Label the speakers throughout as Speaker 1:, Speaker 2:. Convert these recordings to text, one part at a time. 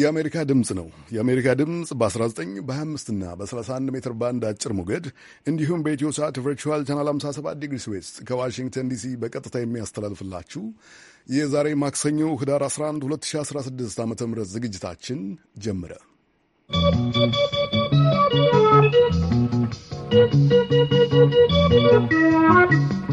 Speaker 1: የአሜሪካ ድምፅ ነው። የአሜሪካ ድምፅ በ19 በ25 እና በ31 ሜትር ባንድ አጭር ሞገድ እንዲሁም በኢትዮ ሰዓት ቨርቹዋል ቻናል 57 ዲግሪ ስዌስት ከዋሽንግተን ዲሲ በቀጥታ የሚያስተላልፍላችሁ የዛሬ ማክሰኞ ህዳር 11 2016 ዓ ም ዝግጅታችን ጀምረ ¶¶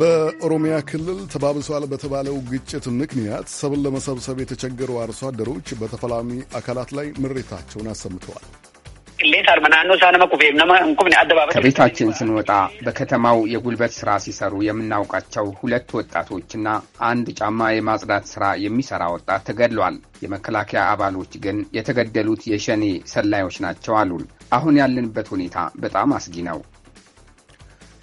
Speaker 1: በኦሮሚያ ክልል ተባብሷል በተባለው ግጭት ምክንያት ሰብል ለመሰብሰብ የተቸገሩ አርሶ
Speaker 2: አደሮች በተፈላሚ አካላት ላይ ምሬታቸውን አሰምተዋል። ከቤታችን ስንወጣ በከተማው የጉልበት ስራ ሲሰሩ የምናውቃቸው ሁለት ወጣቶችና አንድ ጫማ የማጽዳት ስራ የሚሰራ ወጣት ተገድሏል። የመከላከያ አባሎች ግን የተገደሉት የሸኔ ሰላዮች ናቸው አሉን። አሁን ያለንበት ሁኔታ በጣም አስጊ ነው።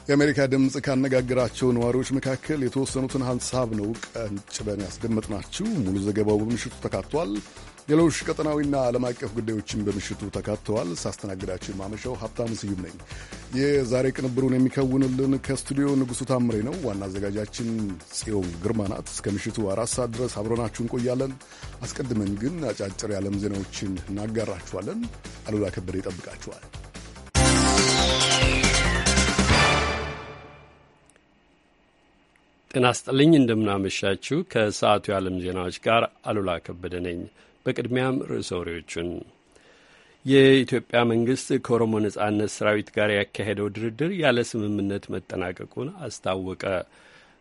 Speaker 1: የአሜሪካ ድምፅ ካነጋገራቸው ነዋሪዎች መካከል የተወሰኑትን ሀሳብ ነው ቀንጭበን ያስደመጥናችሁ። ሙሉ ዘገባው በምሽቱ ተካቷል። ሌሎች ቀጠናዊና ዓለም አቀፍ ጉዳዮችን በምሽቱ ተካተዋል። ሳስተናግዳችሁ የማመሻው ሀብታም ስዩም ነኝ። የዛሬ ቅንብሩን የሚከውንልን ከስቱዲዮ ንጉሱ ታምሬ ነው። ዋና አዘጋጃችን ጽዮን ግርማ ናት። እስከ ምሽቱ አራት ሰዓት ድረስ አብረናችሁ እንቆያለን። አስቀድመን ግን አጫጭር የዓለም ዜናዎችን እናጋራችኋለን። አሉላ ከበደ ይጠብቃችኋል።
Speaker 3: ጤና ስጥልኝ እንደምናመሻችው ከሰዓቱ የዓለም ዜናዎች ጋር አሉላ ከበደ ነኝ። በቅድሚያም ርዕሰ ወሬዎቹን የኢትዮጵያ መንግስት ከኦሮሞ ነጻነት ሰራዊት ጋር ያካሄደው ድርድር ያለ ስምምነት መጠናቀቁን አስታወቀ።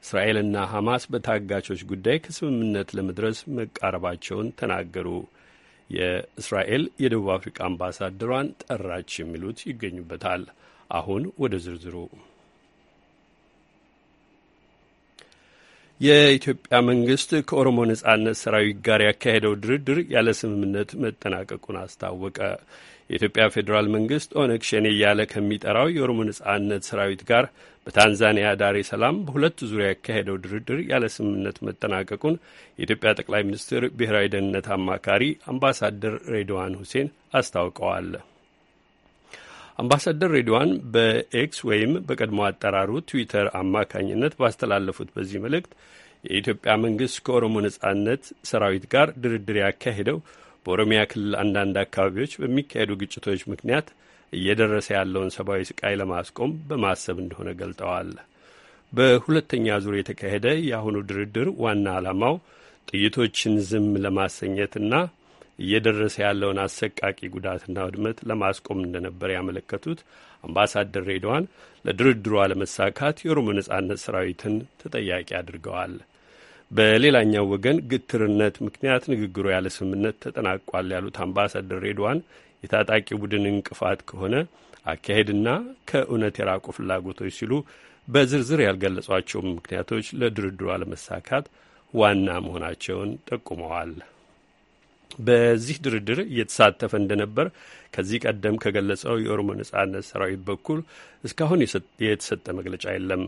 Speaker 3: እስራኤልና ሐማስ በታጋቾች ጉዳይ ከስምምነት ለመድረስ መቃረባቸውን ተናገሩ። የእስራኤል የደቡብ አፍሪካ አምባሳደሯን ጠራች። የሚሉት ይገኙበታል። አሁን ወደ ዝርዝሩ የኢትዮጵያ መንግስት ከኦሮሞ ነጻነት ሰራዊት ጋር ያካሄደው ድርድር ያለ ስምምነት መጠናቀቁን አስታወቀ። የኢትዮጵያ ፌዴራል መንግስት ኦነግ ሸኔ እያለ ከሚጠራው የኦሮሞ ነጻነት ሰራዊት ጋር በታንዛኒያ ዳሬ ሰላም በሁለት ዙሪያ ያካሄደው ድርድር ያለ ስምምነት መጠናቀቁን የኢትዮጵያ ጠቅላይ ሚኒስትር ብሔራዊ ደህንነት አማካሪ አምባሳደር ሬድዋን ሁሴን አስታውቀዋል። አምባሳደር ሬድዋን በኤክስ ወይም በቀድሞ አጠራሩ ትዊተር አማካኝነት ባስተላለፉት በዚህ መልእክት የኢትዮጵያ መንግስት ከኦሮሞ ነጻነት ሰራዊት ጋር ድርድር ያካሄደው በኦሮሚያ ክልል አንዳንድ አካባቢዎች በሚካሄዱ ግጭቶች ምክንያት እየደረሰ ያለውን ሰብአዊ ስቃይ ለማስቆም በማሰብ እንደሆነ ገልጠዋል። በሁለተኛ ዙር የተካሄደ የአሁኑ ድርድር ዋና ዓላማው ጥይቶችን ዝም ለማሰኘትና እየደረሰ ያለውን አሰቃቂ ጉዳትና ውድመት ለማስቆም እንደነበር ያመለከቱት አምባሳደር ሬድዋን ለድርድሯ ለመሳካት የኦሮሞ ነጻነት ሰራዊትን ተጠያቂ አድርገዋል። በሌላኛው ወገን ግትርነት ምክንያት ንግግሩ ያለ ስምምነት ተጠናቋል ያሉት አምባሳደር ሬድዋን የታጣቂ ቡድን እንቅፋት ከሆነ አካሄድና ከእውነት የራቁ ፍላጎቶች ሲሉ በዝርዝር ያልገለጿቸው ምክንያቶች ለድርድሯ ለመሳካት ዋና መሆናቸውን ጠቁመዋል። በዚህ ድርድር እየተሳተፈ እንደነበር ከዚህ ቀደም ከገለጸው የኦሮሞ ነጻነት ሰራዊት በኩል እስካሁን የተሰጠ መግለጫ የለም።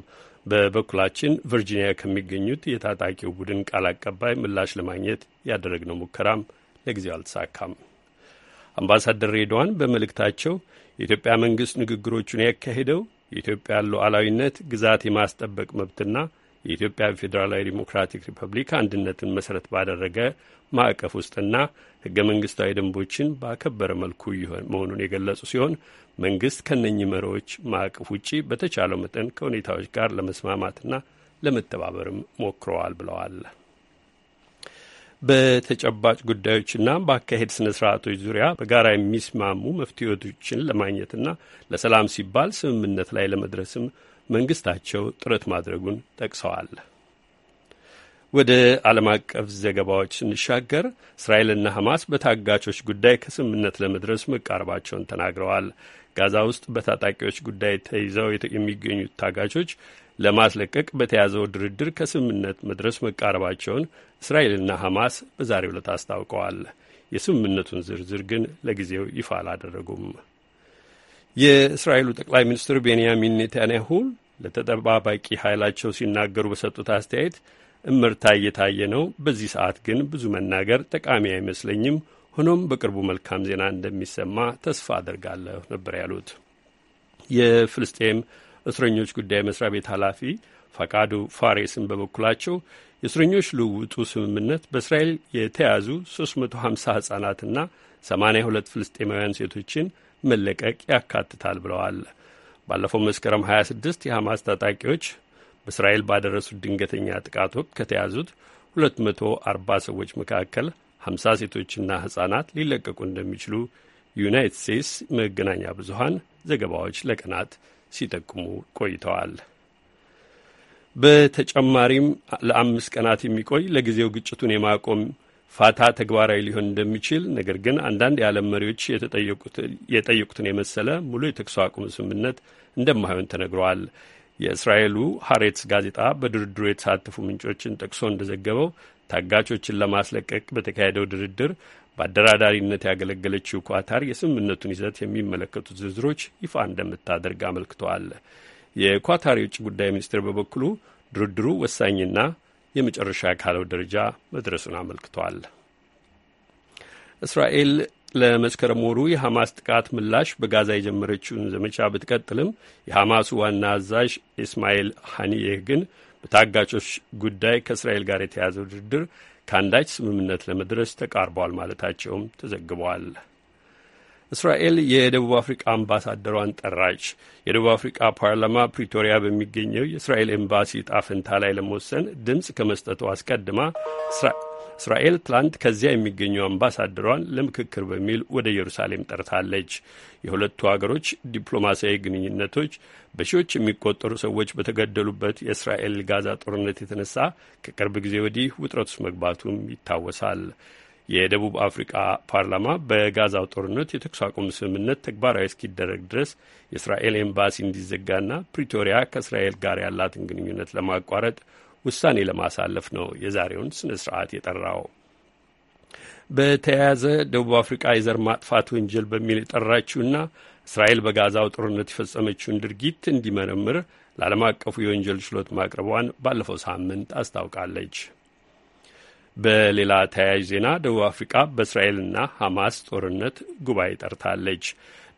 Speaker 3: በበኩላችን ቨርጂኒያ ከሚገኙት የታጣቂው ቡድን ቃል አቀባይ ምላሽ ለማግኘት ያደረግነው ሙከራም ለጊዜው አልተሳካም። አምባሳደር ሬድዋን በመልእክታቸው የኢትዮጵያ መንግስት ንግግሮቹን ያካሄደው የኢትዮጵያ ሉዓላዊነት ግዛት የማስጠበቅ መብትና የኢትዮጵያ ፌዴራላዊ ዲሞክራቲክ ሪፐብሊክ አንድነትን መሰረት ባደረገ ማዕቀፍ ውስጥና ህገ መንግስታዊ ደንቦችን ባከበረ መልኩ መሆኑን የገለጹ ሲሆን መንግስት ከነኚህ መሪዎች ማዕቀፍ ውጪ በተቻለው መጠን ከሁኔታዎች ጋር ለመስማማትና ለመተባበርም ሞክረዋል ብለዋል። በተጨባጭ ጉዳዮችና በአካሄድ ስነ ስርዓቶች ዙሪያ በጋራ የሚስማሙ መፍትሄዎችን ለማግኘትና ለሰላም ሲባል ስምምነት ላይ ለመድረስም መንግስታቸው ጥረት ማድረጉን ጠቅሰዋል። ወደ ዓለም አቀፍ ዘገባዎች ስንሻገር እስራኤልና ሐማስ በታጋቾች ጉዳይ ከስምምነት ለመድረስ መቃረባቸውን ተናግረዋል። ጋዛ ውስጥ በታጣቂዎች ጉዳይ ተይዘው የሚገኙት ታጋቾች ለማስለቀቅ በተያዘው ድርድር ከስምምነት መድረስ መቃረባቸውን እስራኤልና ሐማስ በዛሬው ዕለት አስታውቀዋል። የስምምነቱን ዝርዝር ግን ለጊዜው ይፋ አላደረጉም። የእስራኤሉ ጠቅላይ ሚኒስትር ቤንያሚን ኔታንያሁ ለተጠባባቂ ኃይላቸው ሲናገሩ በሰጡት አስተያየት እምርታ እየታየ ነው። በዚህ ሰዓት ግን ብዙ መናገር ጠቃሚ አይመስለኝም። ሆኖም በቅርቡ መልካም ዜና እንደሚሰማ ተስፋ አድርጋለሁ ነበር ያሉት። የፍልስጤም እስረኞች ጉዳይ መስሪያ ቤት ኃላፊ ፈቃዱ ፋሬስን በበኩላቸው የእስረኞች ልውውጡ ስምምነት በእስራኤል የተያዙ 350 ሕጻናትና 82 ፍልስጤማውያን ሴቶችን መለቀቅ ያካትታል ብለዋል። ባለፈው መስከረም 26 የሐማስ ታጣቂዎች በእስራኤል ባደረሱት ድንገተኛ ጥቃት ወቅት ከተያዙት 240 ሰዎች መካከል 50 ሴቶችና ሕፃናት ሊለቀቁ እንደሚችሉ ዩናይትድ ስቴትስ መገናኛ ብዙሃን ዘገባዎች ለቀናት ሲጠቁሙ ቆይተዋል። በተጨማሪም ለአምስት ቀናት የሚቆይ ለጊዜው ግጭቱን የማቆም ፋታ ተግባራዊ ሊሆን እንደሚችል ነገር ግን አንዳንድ የዓለም መሪዎች የጠየቁትን የመሰለ ሙሉ የተኩስ አቁም ስምምነት እንደማይሆን ተነግረዋል። የእስራኤሉ ሀሬትስ ጋዜጣ በድርድሩ የተሳተፉ ምንጮችን ጠቅሶ እንደዘገበው ታጋቾችን ለማስለቀቅ በተካሄደው ድርድር በአደራዳሪነት ያገለገለችው ኳታር የስምምነቱን ይዘት የሚመለከቱ ዝርዝሮች ይፋ እንደምታደርግ አመልክተዋል። የኳታር የውጭ ጉዳይ ሚኒስትር በበኩሉ ድርድሩ ወሳኝና የመጨረሻ ካለው ደረጃ መድረሱን አመልክቷል። እስራኤል ለመስከረም ወሩ የሐማስ ጥቃት ምላሽ በጋዛ የጀመረችውን ዘመቻ ብትቀጥልም የሐማሱ ዋና አዛዥ ኢስማኤል ሐኒየህ ግን በታጋቾች ጉዳይ ከእስራኤል ጋር የተያዘው ድርድር ከአንዳች ስምምነት ለመድረስ ተቃርቧል ማለታቸውም ተዘግበዋል። እስራኤል የደቡብ አፍሪቃ አምባሳደሯን ጠራች። የደቡብ አፍሪቃ ፓርላማ ፕሪቶሪያ በሚገኘው የእስራኤል ኤምባሲ ጣፍንታ ፈንታ ላይ ለመወሰን ድምፅ ከመስጠቱ አስቀድማ እስራኤል ትላንት ከዚያ የሚገኙ አምባሳደሯን ለምክክር በሚል ወደ ኢየሩሳሌም ጠርታለች። የሁለቱ አገሮች ዲፕሎማሲያዊ ግንኙነቶች በሺዎች የሚቆጠሩ ሰዎች በተገደሉበት የእስራኤል ጋዛ ጦርነት የተነሳ ከቅርብ ጊዜ ወዲህ ውጥረት ውስጥ መግባቱም ይታወሳል። የደቡብ አፍሪቃ ፓርላማ በጋዛው ጦርነት የተኩስ አቁም ስምምነት ተግባራዊ እስኪደረግ ድረስ የእስራኤል ኤምባሲ እንዲዘጋና ፕሪቶሪያ ከእስራኤል ጋር ያላትን ግንኙነት ለማቋረጥ ውሳኔ ለማሳለፍ ነው የዛሬውን ስነ ስርዓት የጠራው። በተያያዘ ደቡብ አፍሪቃ የዘር ማጥፋት ወንጀል በሚል የጠራችውና እስራኤል በጋዛው ጦርነት የፈጸመችውን ድርጊት እንዲመረምር ለዓለም አቀፉ የወንጀል ችሎት ማቅረቧን ባለፈው ሳምንት አስታውቃለች። በሌላ ተያያዥ ዜና ደቡብ አፍሪቃ በእስራኤልና ሐማስ ጦርነት ጉባኤ ጠርታለች።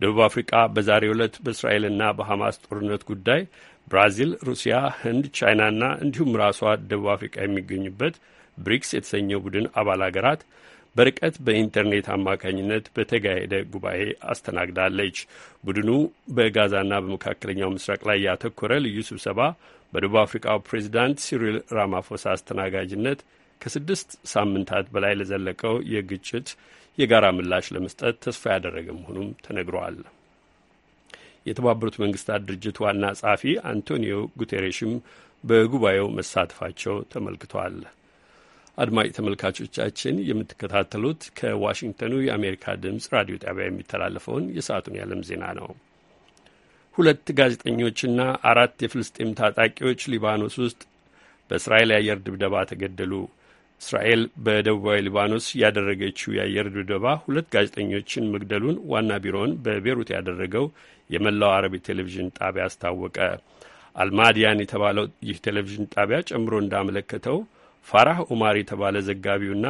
Speaker 3: ደቡብ አፍሪቃ በዛሬው ዕለት በእስራኤልና በሐማስ ጦርነት ጉዳይ ብራዚል፣ ሩሲያ፣ ህንድ፣ ቻይናና እንዲሁም ራሷ ደቡብ አፍሪቃ የሚገኙበት ብሪክስ የተሰኘው ቡድን አባል አገራት በርቀት በኢንተርኔት አማካኝነት በተካሄደ ጉባኤ አስተናግዳለች። ቡድኑ በጋዛና በመካከለኛው ምስራቅ ላይ ያተኮረ ልዩ ስብሰባ በደቡብ አፍሪቃው ፕሬዚዳንት ሲሪል ራማፎሳ አስተናጋጅነት ከስድስት ሳምንታት በላይ ለዘለቀው የግጭት የጋራ ምላሽ ለመስጠት ተስፋ ያደረገ መሆኑም ተነግሯል። የተባበሩት መንግስታት ድርጅት ዋና ጸሐፊ አንቶኒዮ ጉቴሬሽም በጉባኤው መሳተፋቸው ተመልክቷል። አድማጭ ተመልካቾቻችን የምትከታተሉት ከዋሽንግተኑ የአሜሪካ ድምፅ ራዲዮ ጣቢያ የሚተላለፈውን የሰዓቱን የዓለም ዜና ነው። ሁለት ጋዜጠኞችና አራት የፍልስጤም ታጣቂዎች ሊባኖስ ውስጥ በእስራኤል የአየር ድብደባ ተገደሉ። እስራኤል በደቡባዊ ሊባኖስ ያደረገችው የአየር ድብደባ ሁለት ጋዜጠኞችን መግደሉን ዋና ቢሮውን በቤሩት ያደረገው የመላው አረብ ቴሌቪዥን ጣቢያ አስታወቀ። አልማዲያን የተባለው ይህ ቴሌቪዥን ጣቢያ ጨምሮ እንዳመለከተው ፋራህ ኡማር የተባለ ዘጋቢውና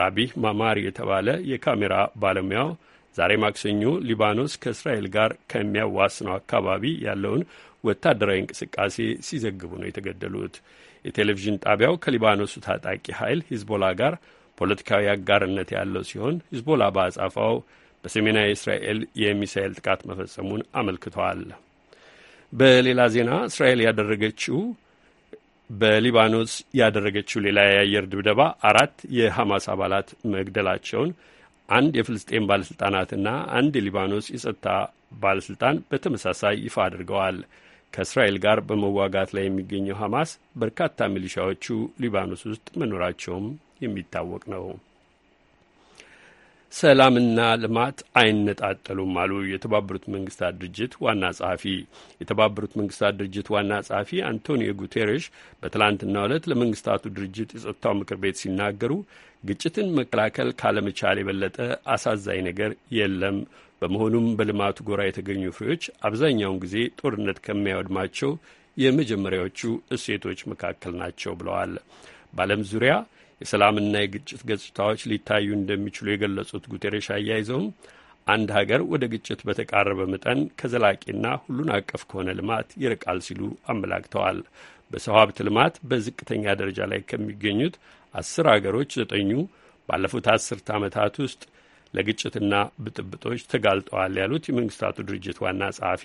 Speaker 3: ራቢህ ማማር የተባለ የካሜራ ባለሙያው ዛሬ ማክሰኞ ሊባኖስ ከእስራኤል ጋር ከሚያዋስነው አካባቢ ያለውን ወታደራዊ እንቅስቃሴ ሲዘግቡ ነው የተገደሉት። የቴሌቪዥን ጣቢያው ከሊባኖሱ ታጣቂ ኃይል ሂዝቦላ ጋር ፖለቲካዊ አጋርነት ያለው ሲሆን ሂዝቦላ በአጻፋው በሰሜናዊ እስራኤል የሚሳኤል ጥቃት መፈጸሙን አመልክተዋል። በሌላ ዜና እስራኤል ያደረገችው በሊባኖስ ያደረገችው ሌላ የአየር ድብደባ አራት የሐማስ አባላት መግደላቸውን አንድ የፍልስጤን ባለሥልጣናትና አንድ የሊባኖስ የጸጥታ ባለሥልጣን በተመሳሳይ ይፋ አድርገዋል። ከእስራኤል ጋር በመዋጋት ላይ የሚገኘው ሐማስ በርካታ ሚሊሻዎቹ ሊባኖስ ውስጥ መኖራቸውም የሚታወቅ ነው። ሰላምና ልማት አይነጣጠሉም አሉ የተባበሩት መንግስታት ድርጅት ዋና ጸሐፊ። የተባበሩት መንግስታት ድርጅት ዋና ጸሐፊ አንቶኒዮ ጉቴሬሽ በትላንትና ዕለት ለመንግስታቱ ድርጅት የጸጥታው ምክር ቤት ሲናገሩ ግጭትን መከላከል ካለመቻል የበለጠ አሳዛኝ ነገር የለም በመሆኑም በልማቱ ጎራ የተገኙ ፍሬዎች አብዛኛውን ጊዜ ጦርነት ከሚያወድማቸው የመጀመሪያዎቹ እሴቶች መካከል ናቸው ብለዋል። በዓለም ዙሪያ የሰላምና የግጭት ገጽታዎች ሊታዩ እንደሚችሉ የገለጹት ጉቴሬሽ አያይዘውም አንድ ሀገር ወደ ግጭት በተቃረበ መጠን ከዘላቂና ሁሉን አቀፍ ከሆነ ልማት ይርቃል ሲሉ አመላክተዋል። በሰው ሀብት ልማት በዝቅተኛ ደረጃ ላይ ከሚገኙት አስር ሀገሮች ዘጠኙ ባለፉት አስርት ዓመታት ውስጥ ለግጭትና ብጥብጦች ተጋልጠዋል ያሉት የመንግስታቱ ድርጅት ዋና ጸሐፊ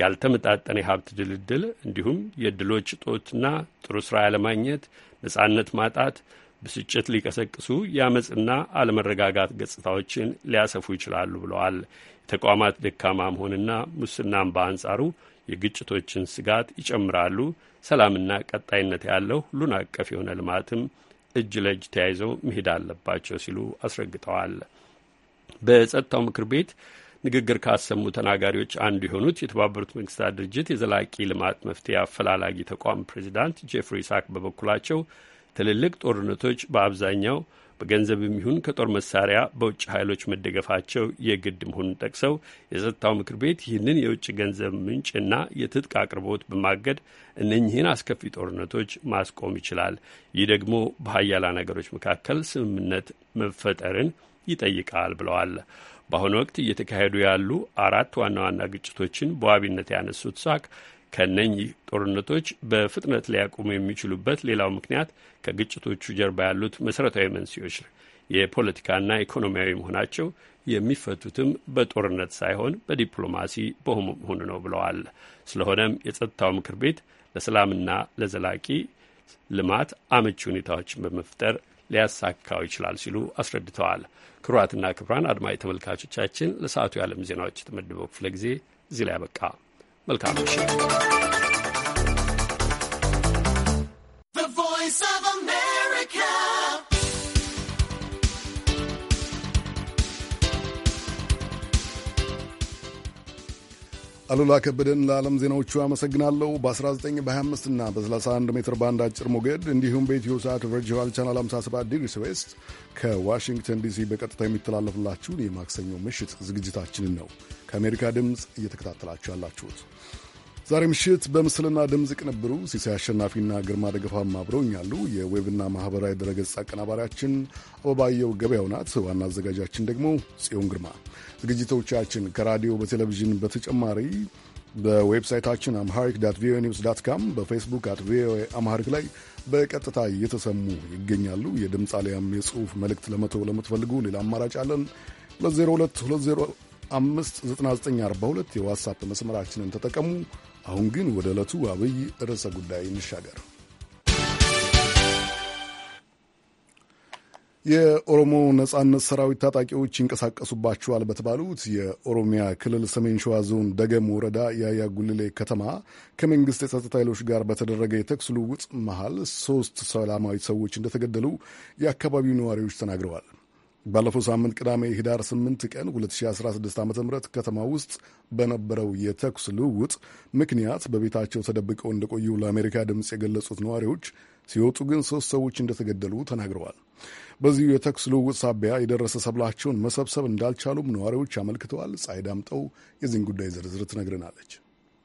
Speaker 3: ያልተመጣጠነ የሀብት ድልድል እንዲሁም የእድሎች እጦትና ጥሩ ስራ ያለማግኘት፣ ነጻነት ማጣት ብስጭት ሊቀሰቅሱ የአመፅና አለመረጋጋት ገጽታዎችን ሊያሰፉ ይችላሉ ብለዋል። የተቋማት ደካማ መሆንና ሙስናም በአንጻሩ የግጭቶችን ስጋት ይጨምራሉ። ሰላምና ቀጣይነት ያለው ሁሉን አቀፍ የሆነ ልማትም እጅ ለእጅ ተያይዘው መሄድ አለባቸው ሲሉ አስረግጠዋል። በጸጥታው ምክር ቤት ንግግር ካሰሙ ተናጋሪዎች አንዱ የሆኑት የተባበሩት መንግስታት ድርጅት የዘላቂ ልማት መፍትሄ አፈላላጊ ተቋም ፕሬዚዳንት ጄፍሪ ሳክ በበኩላቸው ትልልቅ ጦርነቶች በአብዛኛው በገንዘብም ይሁን ከጦር መሳሪያ በውጭ ኃይሎች መደገፋቸው የግድ መሆኑን ጠቅሰው የጸጥታው ምክር ቤት ይህንን የውጭ ገንዘብ ምንጭና የትጥቅ አቅርቦት በማገድ እነኚህን አስከፊ ጦርነቶች ማስቆም ይችላል። ይህ ደግሞ በሀያላን ነገሮች መካከል ስምምነት መፈጠርን ይጠይቃል ብለዋል። በአሁኑ ወቅት እየተካሄዱ ያሉ አራት ዋና ዋና ግጭቶችን በዋቢነት ያነሱት ሳክ ከነኚህ ጦርነቶች በፍጥነት ሊያቆሙ የሚችሉበት ሌላው ምክንያት ከግጭቶቹ ጀርባ ያሉት መሠረታዊ መንስኤዎች የፖለቲካና ኢኮኖሚያዊ መሆናቸው የሚፈቱትም በጦርነት ሳይሆን በዲፕሎማሲ መሆኑ ነው ብለዋል። ስለሆነም የጸጥታው ምክር ቤት ለሰላምና ለዘላቂ ልማት አመቺ ሁኔታዎችን በመፍጠር ሊያሳካው ይችላል ሲሉ አስረድተዋል። ክቡራትና ክቡራን አድማጭ ተመልካቾቻችን ለሰዓቱ የዓለም ዜናዎች የተመደበው ክፍለ ጊዜ እዚህ ላይ ያበቃ። መልካም ምሽት።
Speaker 1: አሉላ ከበደን ለዓለም ዜናዎቹ አመሰግናለሁ። በ19 በ25 እና በ31 ሜትር ባንድ አጭር ሞገድ እንዲሁም በኢትዮ ሰዓት ቨርቹዋል ቻናል 57 ዲግሪስ ዌስት ከዋሽንግተን ዲሲ በቀጥታ የሚተላለፍላችሁን የማክሰኞ ምሽት ዝግጅታችንን ነው ከአሜሪካ ድምፅ እየተከታተላችሁ ያላችሁት። ዛሬ ምሽት በምስልና ድምፅ ቅንብሩ ሲሳይ አሸናፊና ግርማ ደገፋም አብረውኛሉ። የዌብና ማህበራዊ ድረገጽ አቀናባሪያችን አበባየው ገበያው ናት። ዋና አዘጋጃችን ደግሞ ጽዮን ግርማ። ዝግጅቶቻችን ከራዲዮ በቴሌቪዥን በተጨማሪ በዌብሳይታችን አምሃሪክ ዳት ቪኦኤ ኒውስ ዳት ካም በፌስቡክ አት ቪኦኤ አምሃሪክ ላይ በቀጥታ እየተሰሙ ይገኛሉ። የድምፅ አሊያም የጽሑፍ መልእክት ለመተው ለምትፈልጉ ሌላ አማራጭ አለን 202 205 9942 የዋትሳፕ መስመራችንን ተጠቀሙ። አሁን ግን ወደ ዕለቱ አብይ ርዕሰ ጉዳይ እንሻገር። የኦሮሞ ነጻነት ሰራዊት ታጣቂዎች ይንቀሳቀሱባቸዋል በተባሉት የኦሮሚያ ክልል ሰሜን ሸዋ ዞን ደገም ወረዳ ያያ ጉልሌ ከተማ ከመንግስት የጸጥታ ኃይሎች ጋር በተደረገ የተኩስ ልውውጥ መሃል ሶስት ሰላማዊ ሰዎች እንደተገደሉ የአካባቢው ነዋሪዎች ተናግረዋል። ባለፈው ሳምንት ቅዳሜ ህዳር 8 ቀን 2016 ዓ ም ከተማ ውስጥ በነበረው የተኩስ ልውውጥ ምክንያት በቤታቸው ተደብቀው እንደቆዩ ለአሜሪካ ድምፅ የገለጹት ነዋሪዎች ሲወጡ ግን ሦስት ሰዎች እንደተገደሉ ተናግረዋል። በዚሁ የተኩስ ልውውጥ ሳቢያ የደረሰ ሰብላቸውን መሰብሰብ እንዳልቻሉም ነዋሪዎች አመልክተዋል። ፀሐይ ዳምጠው የዚህን ጉዳይ ዝርዝር ትነግረናለች።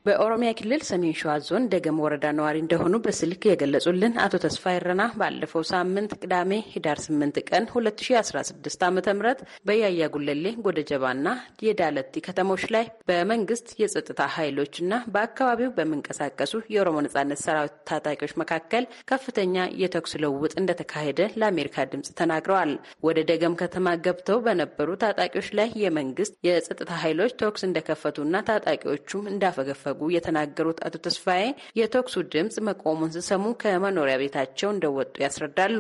Speaker 4: በኦሮሚያ ክልል ሰሜን ሸዋ ዞን ደገም ወረዳ ነዋሪ እንደሆኑ በስልክ የገለጹልን አቶ ተስፋ ይረና ባለፈው ሳምንት ቅዳሜ ህዳር 8 ቀን 2016 ዓ ም በያያ ጉለሌ ጎደጀባና የዳለቲ ከተሞች ላይ በመንግስት የጸጥታ ኃይሎችና በአካባቢው በሚንቀሳቀሱ የኦሮሞ ነጻነት ሰራዊት ታጣቂዎች መካከል ከፍተኛ የተኩስ ልውውጥ እንደተካሄደ ለአሜሪካ ድምፅ ተናግረዋል። ወደ ደገም ከተማ ገብተው በነበሩ ታጣቂዎች ላይ የመንግስት የጸጥታ ኃይሎች ተኩስ እንደከፈቱና ታጣቂዎቹም እንዳፈገፈ እንደተነፈጉ የተናገሩት አቶ ተስፋዬ የተኩሱ ድምፅ መቆሙን ሲሰሙ ከመኖሪያ
Speaker 2: ቤታቸው እንደወጡ ያስረዳሉ።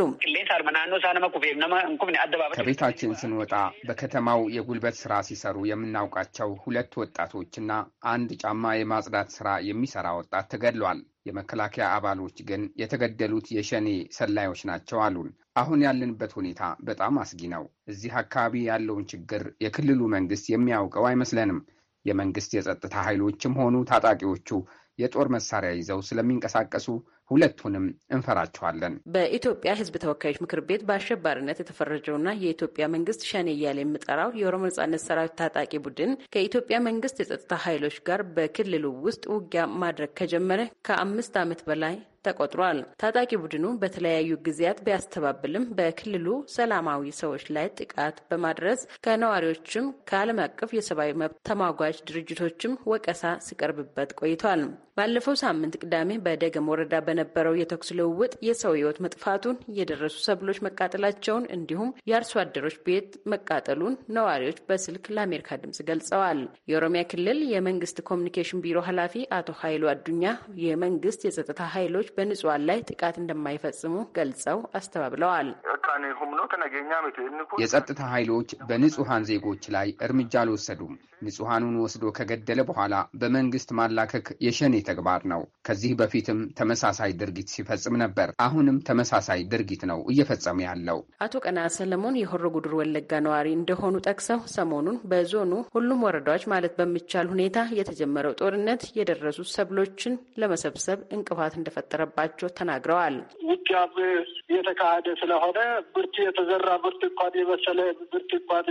Speaker 2: ከቤታችን ስንወጣ በከተማው የጉልበት ስራ ሲሰሩ የምናውቃቸው ሁለት ወጣቶችና አንድ ጫማ የማጽዳት ስራ የሚሰራ ወጣት ተገድሏል። የመከላከያ አባሎች ግን የተገደሉት የሸኔ ሰላዮች ናቸው አሉን። አሁን ያለንበት ሁኔታ በጣም አስጊ ነው። እዚህ አካባቢ ያለውን ችግር የክልሉ መንግስት የሚያውቀው አይመስለንም። የመንግስት የጸጥታ ኃይሎችም ሆኑ ታጣቂዎቹ የጦር መሳሪያ ይዘው ስለሚንቀሳቀሱ ሁለቱንም እንፈራቸዋለን።
Speaker 4: በኢትዮጵያ ሕዝብ ተወካዮች ምክር ቤት በአሸባሪነት የተፈረጀውና የኢትዮጵያ መንግስት ሸኔ እያለ የሚጠራው የኦሮሞ ነጻነት ሰራዊት ታጣቂ ቡድን ከኢትዮጵያ መንግስት የጸጥታ ኃይሎች ጋር በክልሉ ውስጥ ውጊያ ማድረግ ከጀመረ ከአምስት ዓመት በላይ ተቆጥሯል። ታጣቂ ቡድኑ በተለያዩ ጊዜያት ቢያስተባብልም በክልሉ ሰላማዊ ሰዎች ላይ ጥቃት በማድረስ ከነዋሪዎችም ከዓለም አቀፍ የሰብአዊ መብት ተሟጋች ድርጅቶችም ወቀሳ ሲቀርብበት ቆይቷል። ባለፈው ሳምንት ቅዳሜ በደገም ወረዳ በነበረው የተኩስ ልውውጥ የሰው ህይወት መጥፋቱን፣ የደረሱ ሰብሎች መቃጠላቸውን እንዲሁም የአርሶ አደሮች ቤት መቃጠሉን ነዋሪዎች በስልክ ለአሜሪካ ድምጽ ገልጸዋል። የኦሮሚያ ክልል የመንግስት ኮሚኒኬሽን ቢሮ ኃላፊ አቶ ኃይሉ አዱኛ የመንግስት የጸጥታ ኃይሎች በንጹሐን ላይ ጥቃት እንደማይፈጽሙ ገልጸው አስተባብለዋል።
Speaker 2: የጸጥታ ኃይሎች በንጹሐን ዜጎች ላይ እርምጃ አልወሰዱም። ንጹሐኑን ወስዶ ከገደለ በኋላ በመንግስት ማላከክ የሸኔ ተግባር ነው። ከዚህ በፊትም ተመሳሳይ ድርጊት ሲፈጽም ነበር። አሁንም ተመሳሳይ ድርጊት ነው እየፈጸመ ያለው።
Speaker 4: አቶ ቀና ሰለሞን የሆሮ ጉድር ወለጋ ነዋሪ እንደሆኑ ጠቅሰው ሰሞኑን በዞኑ ሁሉም ወረዳዎች ማለት በሚቻል ሁኔታ የተጀመረው ጦርነት የደረሱ ሰብሎችን ለመሰብሰብ እንቅፋት እንደፈጠረባቸው ተናግረዋል።
Speaker 5: ውጊያም እየተካሄደ ስለሆነ ብርድ የተዘራ ብርድ እንኳን የመሰለ ብርድ እንኳን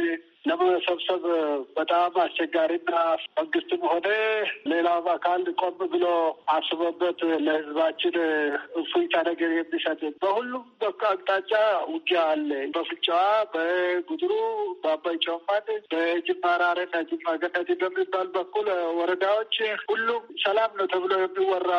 Speaker 5: ለመሰብሰብ በጣም አስቸጋሪና መንግስትም ሆነ ሌላም አካል ቆም ብሎ አስበበት ለህዝባችን እፎይታ ነገር የሚሰጥ በሁሉም አቅጣጫ ውጊያ አለ። በፍጫዋ በጉድሩ፣ በአባይ ጨማን፣ በጅማ ጅማ ገነት በሚባል በኩል ወረዳዎች ሁሉም ሰላም ነው ተብሎ የሚወራ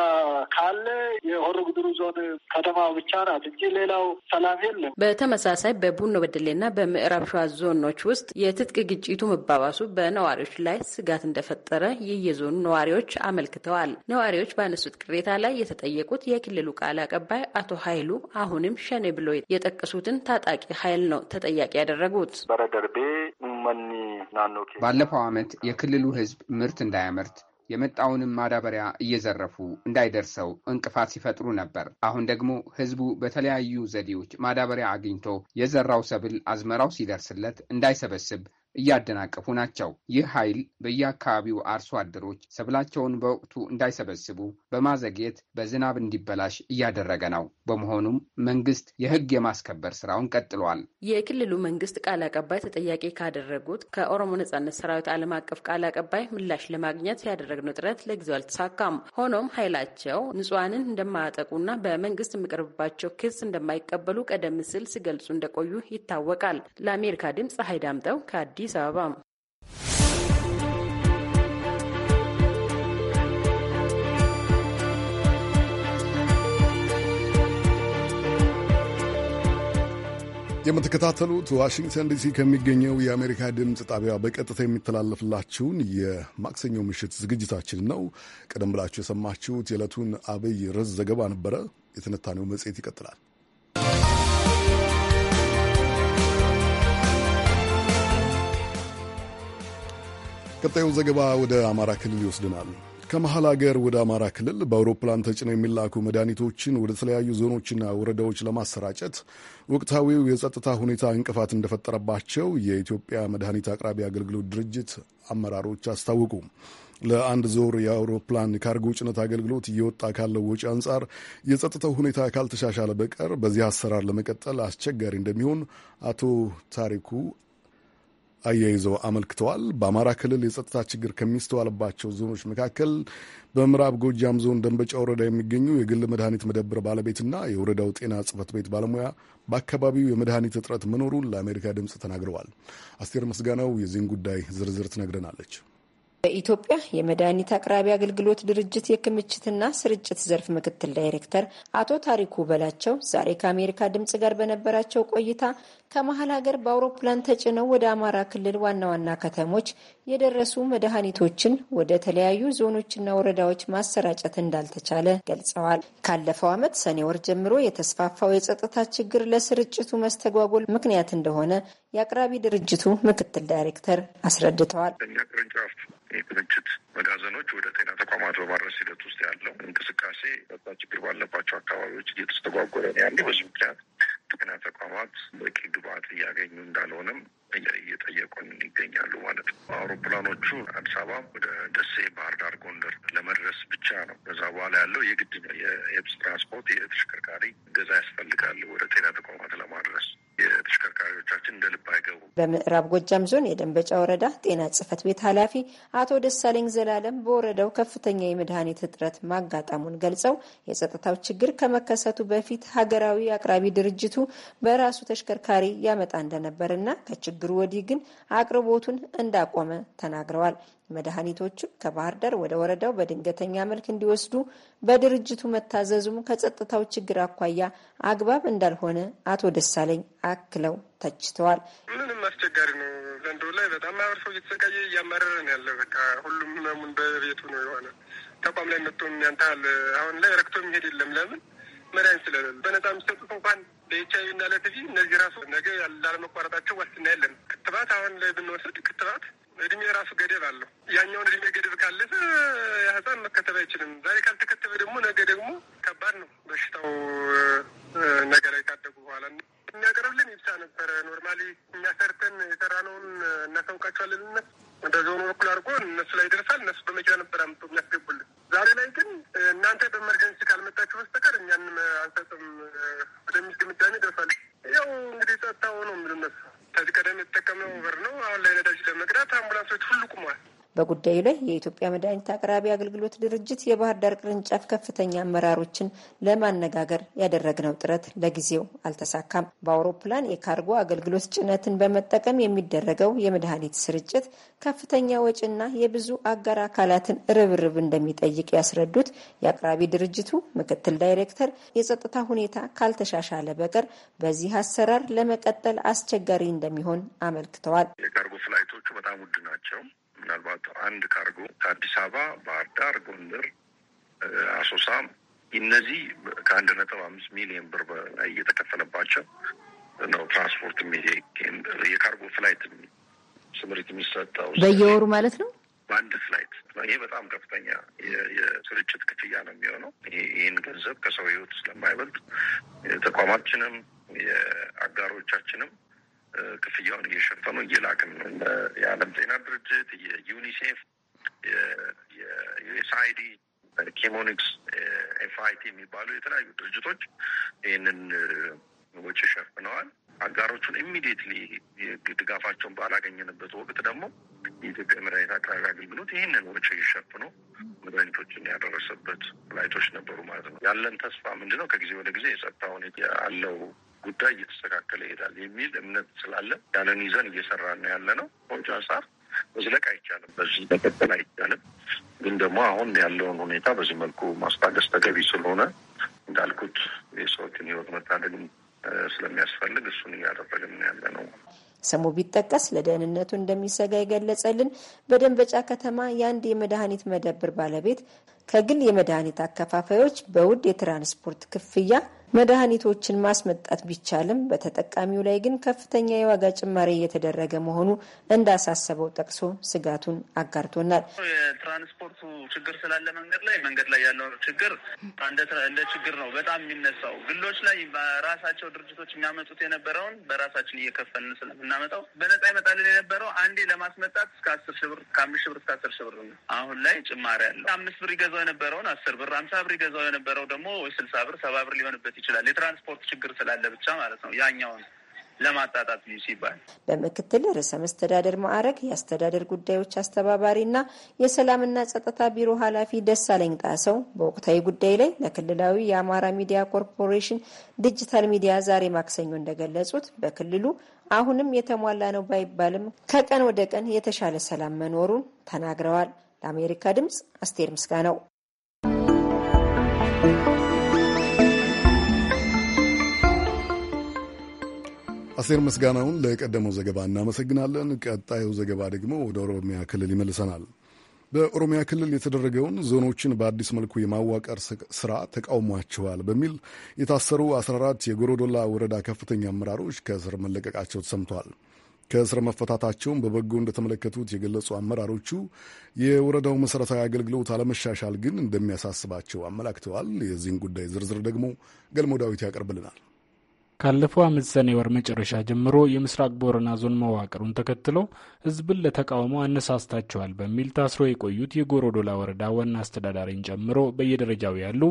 Speaker 5: ካለ የሆሮ ጉድሩ ዞን ከተማ ብቻ ናት እንጂ ሌላው ሰላም የለም።
Speaker 4: በተመሳሳይ በቡኖ በደሌና በምዕራብ ሸዋ ዞኖች ውስጥ የትጥቅ ግጭቱ መባባሱ በነዋሪዎች ላይ ስጋት እንደፈጠረ የየዞኑ ነዋሪዎች አመልክተዋል። ነዋሪዎች ባነሱት ቅሬታ ላይ የተጠየቁት የክልሉ ቃል አቀባይ አቶ ኃይሉ አሁንም ሸኔ ብሎ የጠቀሱትን ታጣቂ ኃይል ነው ተጠያቂ ያደረጉት።
Speaker 2: ባለፈው ዓመት የክልሉ ሕዝብ ምርት እንዳያመርት የመጣውንም ማዳበሪያ እየዘረፉ እንዳይደርሰው እንቅፋት ሲፈጥሩ ነበር። አሁን ደግሞ ህዝቡ በተለያዩ ዘዴዎች ማዳበሪያ አግኝቶ የዘራው ሰብል አዝመራው ሲደርስለት እንዳይሰበስብ እያደናቀፉ ናቸው። ይህ ኃይል በየአካባቢው አርሶ አደሮች ሰብላቸውን በወቅቱ እንዳይሰበስቡ በማዘግየት በዝናብ እንዲበላሽ እያደረገ ነው። በመሆኑም መንግስት የህግ የማስከበር ስራውን ቀጥሏል።
Speaker 4: የክልሉ መንግስት ቃል አቀባይ ተጠያቂ ካደረጉት ከኦሮሞ ነጻነት ሰራዊት ዓለም አቀፍ ቃል አቀባይ ምላሽ ለማግኘት ያደረግነው ጥረት ለጊዜው አልተሳካም። ሆኖም ኃይላቸው ንጹሐንን እንደማያጠቁና በመንግስት የሚቀርብባቸው ክስ እንደማይቀበሉ ቀደም ሲል ሲገልጹ እንደቆዩ ይታወቃል። ለአሜሪካ ድምፅ ዳምጠው ከአዲስ አዲስ አበባ
Speaker 1: የምትከታተሉት ዋሽንግተን ዲሲ ከሚገኘው የአሜሪካ ድምፅ ጣቢያ በቀጥታ የሚተላለፍላችሁን የማክሰኞ ምሽት ዝግጅታችን ነው። ቀደም ብላችሁ የሰማችሁት የዕለቱን አብይ ርዕስ ዘገባ ነበረ። የትንታኔው መጽሔት ይቀጥላል። ቀጣዩ ዘገባ ወደ አማራ ክልል ይወስድናል። ከመሀል ሀገር ወደ አማራ ክልል በአውሮፕላን ተጭነው የሚላኩ መድኃኒቶችን ወደ ተለያዩ ዞኖችና ወረዳዎች ለማሰራጨት ወቅታዊው የጸጥታ ሁኔታ እንቅፋት እንደፈጠረባቸው የኢትዮጵያ መድኃኒት አቅራቢ አገልግሎት ድርጅት አመራሮች አስታወቁ። ለአንድ ዞር የአውሮፕላን ካርጎ ጭነት አገልግሎት እየወጣ ካለው ወጪ አንጻር የጸጥታው ሁኔታ ካልተሻሻለ በቀር በዚህ አሰራር ለመቀጠል አስቸጋሪ እንደሚሆን አቶ ታሪኩ አያይዘው አመልክተዋል። በአማራ ክልል የጸጥታ ችግር ከሚስተዋልባቸው ዞኖች መካከል በምዕራብ ጎጃም ዞን ደንበጫ ወረዳ የሚገኙ የግል መድኃኒት መደብር ባለቤትና የወረዳው ጤና ጽሕፈት ቤት ባለሙያ በአካባቢው የመድኃኒት እጥረት መኖሩን ለአሜሪካ ድምፅ ተናግረዋል። አስቴር ምስጋናው የዚህን ጉዳይ ዝርዝር ትነግረናለች።
Speaker 6: በኢትዮጵያ የመድኃኒት አቅራቢ አገልግሎት ድርጅት የክምችትና ስርጭት ዘርፍ ምክትል ዳይሬክተር አቶ ታሪኩ በላቸው ዛሬ ከአሜሪካ ድምጽ ጋር በነበራቸው ቆይታ ከመሀል ሀገር በአውሮፕላን ተጭነው ወደ አማራ ክልል ዋና ዋና ከተሞች የደረሱ መድኃኒቶችን ወደ ተለያዩ ዞኖችና ወረዳዎች ማሰራጨት እንዳልተቻለ ገልጸዋል። ካለፈው ዓመት ሰኔ ወር ጀምሮ የተስፋፋው የጸጥታ ችግር ለስርጭቱ መስተጓጎል ምክንያት እንደሆነ የአቅራቢ ድርጅቱ ምክትል ዳይሬክተር አስረድተዋል።
Speaker 7: የክምችት መጋዘኖች ወደ ጤና ተቋማት በማድረስ ሂደት ውስጥ ያለው እንቅስቃሴ በዛ ችግር ባለባቸው አካባቢዎች እየተስተጓጎለ ነው ያለ። በዚህ ምክንያት ጤና ተቋማት በቂ ግብዓት እያገኙ እንዳልሆነም እየጠየቁን ይገኛሉ ማለት ነው። አውሮፕላኖቹ አዲስ አበባ ወደ ደሴ፣ ባህር ዳር፣ ጎንደር ለመድረስ ብቻ ነው። ከዛ በኋላ ያለው የግድ ነው የየብስ ትራንስፖርት የተሽከርካሪ ገዛ ያስፈልጋል ወደ ጤና ተቋማት ለማድረስ
Speaker 6: የተሽከርካሪዎቻችን እንደ ልብ አይገቡም። በምዕራብ ጎጃም ዞን የደንበጫ ወረዳ ጤና ጽህፈት ቤት ኃላፊ አቶ ደሳለኝ ዘላለም በወረዳው ከፍተኛ የመድኃኒት እጥረት ማጋጠሙን ገልጸው የጸጥታው ችግር ከመከሰቱ በፊት ሀገራዊ አቅራቢ ድርጅቱ በራሱ ተሽከርካሪ ያመጣ እንደነበርና ከችግሩ ወዲህ ግን አቅርቦቱን እንዳቆመ ተናግረዋል። መድኃኒቶችም ከባህር ዳር ወደ ወረዳው በድንገተኛ መልክ እንዲወስዱ በድርጅቱ መታዘዙም ከጸጥታው ችግር አኳያ አግባብ እንዳልሆነ አቶ ደሳለኝ አክለው ተችተዋል። ምንም አስቸጋሪ ነው። ዘንዶ ላይ በጣም ማህበረሰቡ እየተሰቃየ
Speaker 7: እያመረረ ነው ያለ። በቃ ሁሉም ህመሙን በቤቱ ነው የሆነ ተቋም ላይ መጥቶ ያንታል። አሁን ላይ ረክቶ የሚሄድ የለም። ለምን መድኃኒት ስለሌለ በነጻ የሚሰጡት እንኳን ለኤች አይቪ እና ለቲቪ እነዚህ ራሱ ነገ ላለመቋረጣቸው ዋስትና የለም። ክትባት አሁን ላይ ብንወስድ ክትባት እድሜ የራሱ ገደብ አለው። ያኛውን እድሜ ገደብ ካለፈ ህፃን መከተብ አይችልም። ዛሬ ካልተከተበ ደግሞ ነገ ደግሞ ከባድ ነው በሽታው ነገ ላይ ካደጉ በኋላ የሚያቀርብልን ይብሳ ነበረ። ኖርማሊ እኛ ሰርተን የሰራነውን
Speaker 5: እናሳውቃቸዋለን። ዞኑ በኩል አድርጎ እነሱ ላይ ይደርሳል። እነሱ በመኪና ነበር አምጥቶ
Speaker 7: የሚያስገቡልን። ዛሬ ላይ ግን እናንተ በኤመርጀንሲ ካልመጣችሁ በስተቀር እኛንም አንሰጥም ወደሚል ግምዳሜ ደርሳለን። ያው እንግዲህ ጸጥታው ሆኖ የምንመስ ከዚህ ቀደም የተጠቀምነው በር
Speaker 6: ነው። አሁን ላይ ነዳጅ ለመቅዳት አምቡላንሶች ሁሉ ቁመዋል። በጉዳዩ ላይ የኢትዮጵያ መድኃኒት አቅራቢ አገልግሎት ድርጅት የባህር ዳር ቅርንጫፍ ከፍተኛ አመራሮችን ለማነጋገር ያደረግነው ጥረት ለጊዜው አልተሳካም። በአውሮፕላን የካርጎ አገልግሎት ጭነትን በመጠቀም የሚደረገው የመድኃኒት ስርጭት ከፍተኛ ወጪና የብዙ አጋር አካላትን ርብርብ እንደሚጠይቅ ያስረዱት የአቅራቢ ድርጅቱ ምክትል ዳይሬክተር የጸጥታ ሁኔታ ካልተሻሻለ በቀር በዚህ አሰራር ለመቀጠል አስቸጋሪ እንደሚሆን አመልክተዋል።
Speaker 7: የካርጎ ፍላይቶቹ በጣም ውድ ናቸው። ምናልባት አንድ ካርጎ ከአዲስ አበባ፣ ባህር ዳር፣ ጎንደር፣ አሶሳ እነዚህ ከአንድ ነጥብ አምስት ሚሊዮን ብር በላይ እየተከፈለባቸው ነው ትራንስፖርት የካርጎ ፍላይት ስምሪት የሚሰጠው
Speaker 4: በየወሩ ማለት ነው
Speaker 7: በአንድ ፍላይት። ይሄ በጣም ከፍተኛ የስርጭት ክፍያ ነው የሚሆነው። ይህን ገንዘብ ከሰው ህይወት ስለማይበልጥ ተቋማችንም የአጋሮቻችንም ክፍያውን እየሸፈኑ እየላክን ነው። የዓለም ጤና ድርጅት፣ የዩኒሴፍ፣ የዩኤስአይዲ፣ ኬሞኒክስ፣ ኤፍአይቲ የሚባሉ የተለያዩ ድርጅቶች ይህንን ወጪ ሸፍነዋል። አጋሮቹን ኢሚዲየትሊ ድጋፋቸውን ባላገኘንበት ወቅት ደግሞ የኢትዮጵያ መድኃኒት አቅራቢ አገልግሎት ይህንን ወጪ ሸፍኖ መድኃኒቶችን ያደረሰበት ላይቶች ነበሩ ማለት ነው። ያለን ተስፋ ምንድነው ከጊዜ ወደ ጊዜ የጸጥታ ሁኔታ ያለው ጉዳይ እየተስተካከለ ይሄዳል የሚል እምነት ስላለ ያንን ይዘን እየሰራ ነው ያለ ነው። ቆንጆ ሀሳብ መዝለቅ አይቻልም፣ በዚህ መቀጠል አይቻልም። ግን ደግሞ አሁን ያለውን ሁኔታ በዚህ መልኩ ማስታገስ ተገቢ ስለሆነ እንዳልኩት የሰዎችን ህይወት መታደግ ስለሚያስፈልግ እሱን እያደረግን ያለ ነው።
Speaker 6: ስሙ ቢጠቀስ ለደህንነቱ እንደሚሰጋ የገለጸልን በደንበጫ ከተማ የአንድ የመድኃኒት መደብር ባለቤት ከግል የመድኃኒት አከፋፋዮች በውድ የትራንስፖርት ክፍያ መድኃኒቶችን ማስመጣት ቢቻልም በተጠቃሚው ላይ ግን ከፍተኛ የዋጋ ጭማሪ እየተደረገ መሆኑ እንዳሳሰበው ጠቅሶ ስጋቱን አጋርቶናል። የትራንስፖርቱ ችግር ስላለ መንገድ ላይ መንገድ ላይ ያለው
Speaker 5: ችግር እንደ ችግር ነው በጣም የሚነሳው። ግሎች ላይ በራሳቸው ድርጅቶች የሚያመጡት የነበረውን በራሳችን እየከፈልን ስለምናመጣው በነጻ ይመጣልን የነበረው አንዴ ለማስመጣት እስከ አስር ሺህ ብር ከአምስት ሺህ ብር እስከ አስር ሺህ ብር አሁን ላይ ጭማሪ ያለው አምስት ብር ይገዛ የነበረውን አስር ብር አምሳ ብር ይገዛው የነበረው ደግሞ ወይ ስልሳ ብር ሰባ ብር ሊሆንበት ይችላል። የትራንስፖርት ችግር ስላለ ብቻ ማለት ነው ያኛውን ለማጣጣት ሲባል
Speaker 6: በምክትል ርዕሰ መስተዳደር ማዕረግ የአስተዳደር ጉዳዮች አስተባባሪና የሰላምና ጸጥታ ቢሮ ኃላፊ ደሳለኝ ጣሰው በወቅታዊ ጉዳይ ላይ ለክልላዊ የአማራ ሚዲያ ኮርፖሬሽን ዲጂታል ሚዲያ ዛሬ ማክሰኞ እንደገለጹት በክልሉ አሁንም የተሟላ ነው ባይባልም ከቀን ወደ ቀን የተሻለ ሰላም መኖሩን ተናግረዋል። ለአሜሪካ ድምጽ አስቴር ምስጋ ነው።
Speaker 1: አስቴር ምስጋናውን ለቀደመው ዘገባ እናመሰግናለን። ቀጣዩ ዘገባ ደግሞ ወደ ኦሮሚያ ክልል ይመልሰናል። በኦሮሚያ ክልል የተደረገውን ዞኖችን በአዲስ መልኩ የማዋቀር ስራ ተቃውሟቸዋል በሚል የታሰሩ 14 የጎሮዶላ ወረዳ ከፍተኛ አመራሮች ከእስር መለቀቃቸው ተሰምተዋል። ከእስር መፈታታቸውን በበጎ እንደተመለከቱት የገለጹ አመራሮቹ የወረዳው መሠረታዊ አገልግሎት አለመሻሻል ግን እንደሚያሳስባቸው አመላክተዋል። የዚህን ጉዳይ ዝርዝር ደግሞ ገልሞ ዳዊት ያቀርብልናል።
Speaker 8: ካለፈው ዓመት ሰኔ ወር መጨረሻ ጀምሮ የምስራቅ ቦረና ዞን መዋቅሩን ተከትሎ ሕዝብን ለተቃውሞ አነሳስታቸዋል በሚል ታስሮ የቆዩት የጎሮዶላ ወረዳ ዋና አስተዳዳሪን ጨምሮ በየደረጃው ያሉ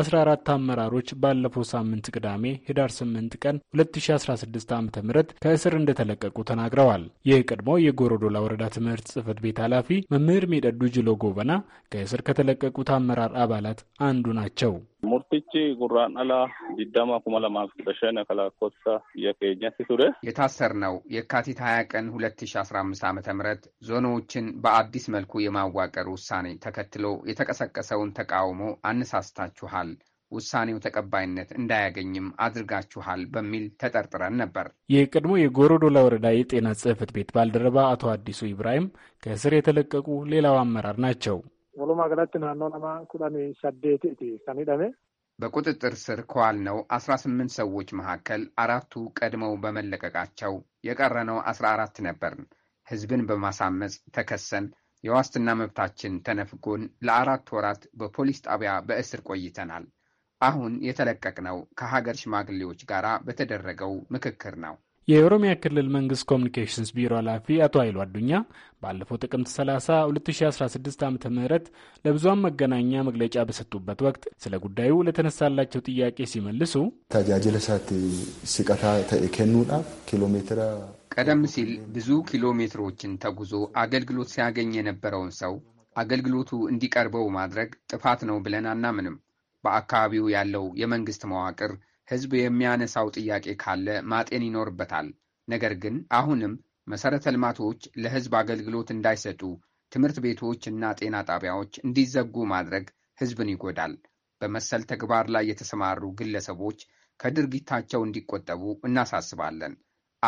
Speaker 8: 14 አመራሮች ባለፈው ሳምንት ቅዳሜ ህዳር 8 ቀን 2016 ዓ ም ከእስር እንደተለቀቁ ተናግረዋል። ይህ ቀድሞ የጎሮዶላ ወረዳ ትምህርት ጽህፈት ቤት ኃላፊ መምህር ሚደዱ ጅሎ ጎበና ከእስር ከተለቀቁት አመራር አባላት አንዱ ናቸው።
Speaker 3: ሙርቲቺ ጉራናላ ዲዳማ ኩማ ከላኮሳ የኬኛሲ ቱሬ
Speaker 2: ነው። የካቲት 20 ቀን 2015 ዓ ም ዞኖዎችን በአዲስ መልኩ የማዋቀር ውሳኔ ተከትሎ የተቀሰቀሰውን ተቃውሞ አነሳስታችኋል አድርጋችኋል ውሳኔው ተቀባይነት እንዳያገኝም አድርጋችኋል በሚል ተጠርጥረን ነበር።
Speaker 8: የቀድሞ የጎሮዶላ ወረዳ የጤና ጽህፈት ቤት ባልደረባ አቶ አዲሱ ኢብራሂም ከእስር የተለቀቁ ሌላው አመራር ናቸው።
Speaker 2: በቁጥጥር ስር ከዋልነው 18 ሰዎች መካከል አራቱ ቀድመው በመለቀቃቸው የቀረነው 14 ነበር። ህዝብን በማሳመፅ ተከሰን የዋስትና መብታችን ተነፍጎን ለአራት ወራት በፖሊስ ጣቢያ በእስር ቆይተናል። አሁን የተለቀቅነው ከሀገር ሽማግሌዎች ጋር በተደረገው ምክክር ነው።
Speaker 8: የኦሮሚያ ክልል መንግስት ኮሚኒኬሽንስ ቢሮ ኃላፊ አቶ ኃይሉ አዱኛ ባለፈው ጥቅምት 30 2016 ዓ ም ለብዙሃን መገናኛ መግለጫ በሰጡበት ወቅት ስለ ጉዳዩ ለተነሳላቸው ጥያቄ ሲመልሱ ታጃጅለ ሳት ሲቀታ ተኬኑዳ ኪሎ ሜትራ
Speaker 2: ቀደም ሲል ብዙ ኪሎ ሜትሮችን ተጉዞ አገልግሎት ሲያገኝ የነበረውን ሰው አገልግሎቱ እንዲቀርበው ማድረግ ጥፋት ነው ብለን አናምንም። በአካባቢው ያለው የመንግስት መዋቅር ህዝብ የሚያነሳው ጥያቄ ካለ ማጤን ይኖርበታል። ነገር ግን አሁንም መሰረተ ልማቶች ለህዝብ አገልግሎት እንዳይሰጡ፣ ትምህርት ቤቶች እና ጤና ጣቢያዎች እንዲዘጉ ማድረግ ህዝብን ይጎዳል። በመሰል ተግባር ላይ የተሰማሩ ግለሰቦች ከድርጊታቸው እንዲቆጠቡ እናሳስባለን።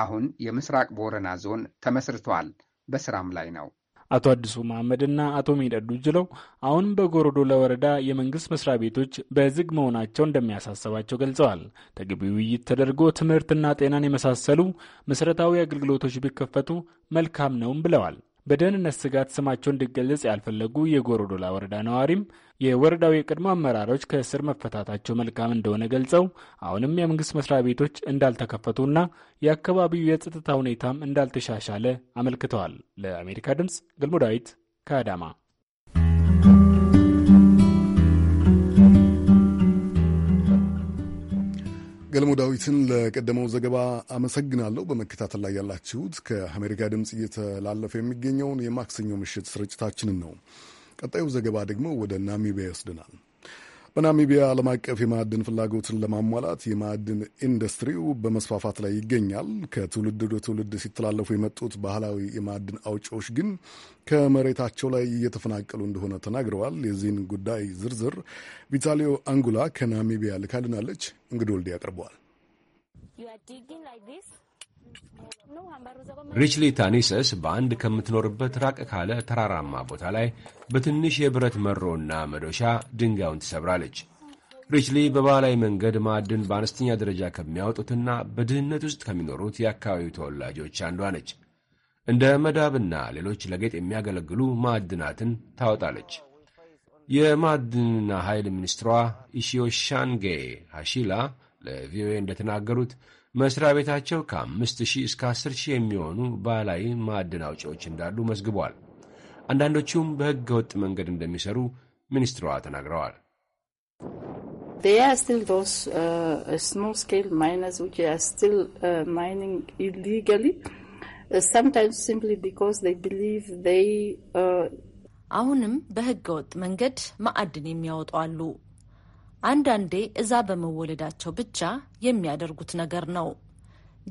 Speaker 2: አሁን የምስራቅ ቦረና ዞን ተመስርቷል፣ በስራም ላይ ነው።
Speaker 8: አቶ አዲሱ መሐመድ አቶ ሚደዱ ጅለው አሁን በጎረዶ ለወረዳ የመንግስት መስሪያ ቤቶች በዝግ መሆናቸው እንደሚያሳስባቸው ገልጸዋል። ተገቢ ውይይት ተደርጎ ትምህርትና ጤናን የመሳሰሉ መሰረታዊ አገልግሎቶች ቢከፈቱ መልካም ነውም ብለዋል። በደህንነት ስጋት ስማቸው እንዲገለጽ ያልፈለጉ የጎሮዶላ ወረዳ ነዋሪም የወረዳው የቀድሞ አመራሮች ከእስር መፈታታቸው መልካም እንደሆነ ገልጸው አሁንም የመንግስት መስሪያ ቤቶች እንዳልተከፈቱና የአካባቢው የጸጥታ ሁኔታም እንዳልተሻሻለ አመልክተዋል። ለአሜሪካ ድምጽ ገልሞ ዳዊት ከአዳማ
Speaker 1: ገለሞ ዳዊትን ለቀደመው ዘገባ አመሰግናለሁ። በመከታተል ላይ ያላችሁት ከአሜሪካ ድምፅ እየተላለፈ የሚገኘውን የማክሰኞ ምሽት ስርጭታችንን ነው። ቀጣዩ ዘገባ ደግሞ ወደ ናሚቢያ ይወስድናል። በናሚቢያ ዓለም አቀፍ የማዕድን ፍላጎትን ለማሟላት የማዕድን ኢንዱስትሪው በመስፋፋት ላይ ይገኛል። ከትውልድ ወደ ትውልድ ሲተላለፉ የመጡት ባህላዊ የማዕድን አውጪዎች ግን ከመሬታቸው ላይ እየተፈናቀሉ እንደሆነ ተናግረዋል። የዚህን ጉዳይ ዝርዝር ቪታሊዮ አንጉላ ከናሚቢያ ልካልናለች። እንግዶ ወልዴ ያቀርበዋል።
Speaker 9: ሪችሊ ታኒሰስ በአንድ ከምትኖርበት ራቅ ካለ ተራራማ ቦታ ላይ በትንሽ የብረት መሮና መዶሻ ድንጋዩን ትሰብራለች። ሪችሊ በባህላዊ መንገድ ማዕድን በአነስተኛ ደረጃ ከሚያወጡትና በድህነት ውስጥ ከሚኖሩት የአካባቢው ተወላጆች አንዷ ነች። እንደ መዳብና ሌሎች ለጌጥ የሚያገለግሉ ማዕድናትን ታወጣለች። የማዕድንና ኃይል ሚኒስትሯ ኢሺዮሻንጌ ሃሺላ ለቪኦኤ እንደተናገሩት መስሪያ ቤታቸው ከ5000 እስከ 10000 ሺህ የሚሆኑ ባህላዊ ማዕድን አውጪዎች እንዳሉ መዝግቧል። አንዳንዶቹም በሕገ ወጥ መንገድ እንደሚሰሩ ሚኒስትሯ ተናግረዋል።
Speaker 10: uh,
Speaker 4: uh, uh, አሁንም በሕገ ወጥ መንገድ ማዕድን የሚያወጡ አሉ። አንዳንዴ እዛ በመወለዳቸው ብቻ የሚያደርጉት ነገር ነው።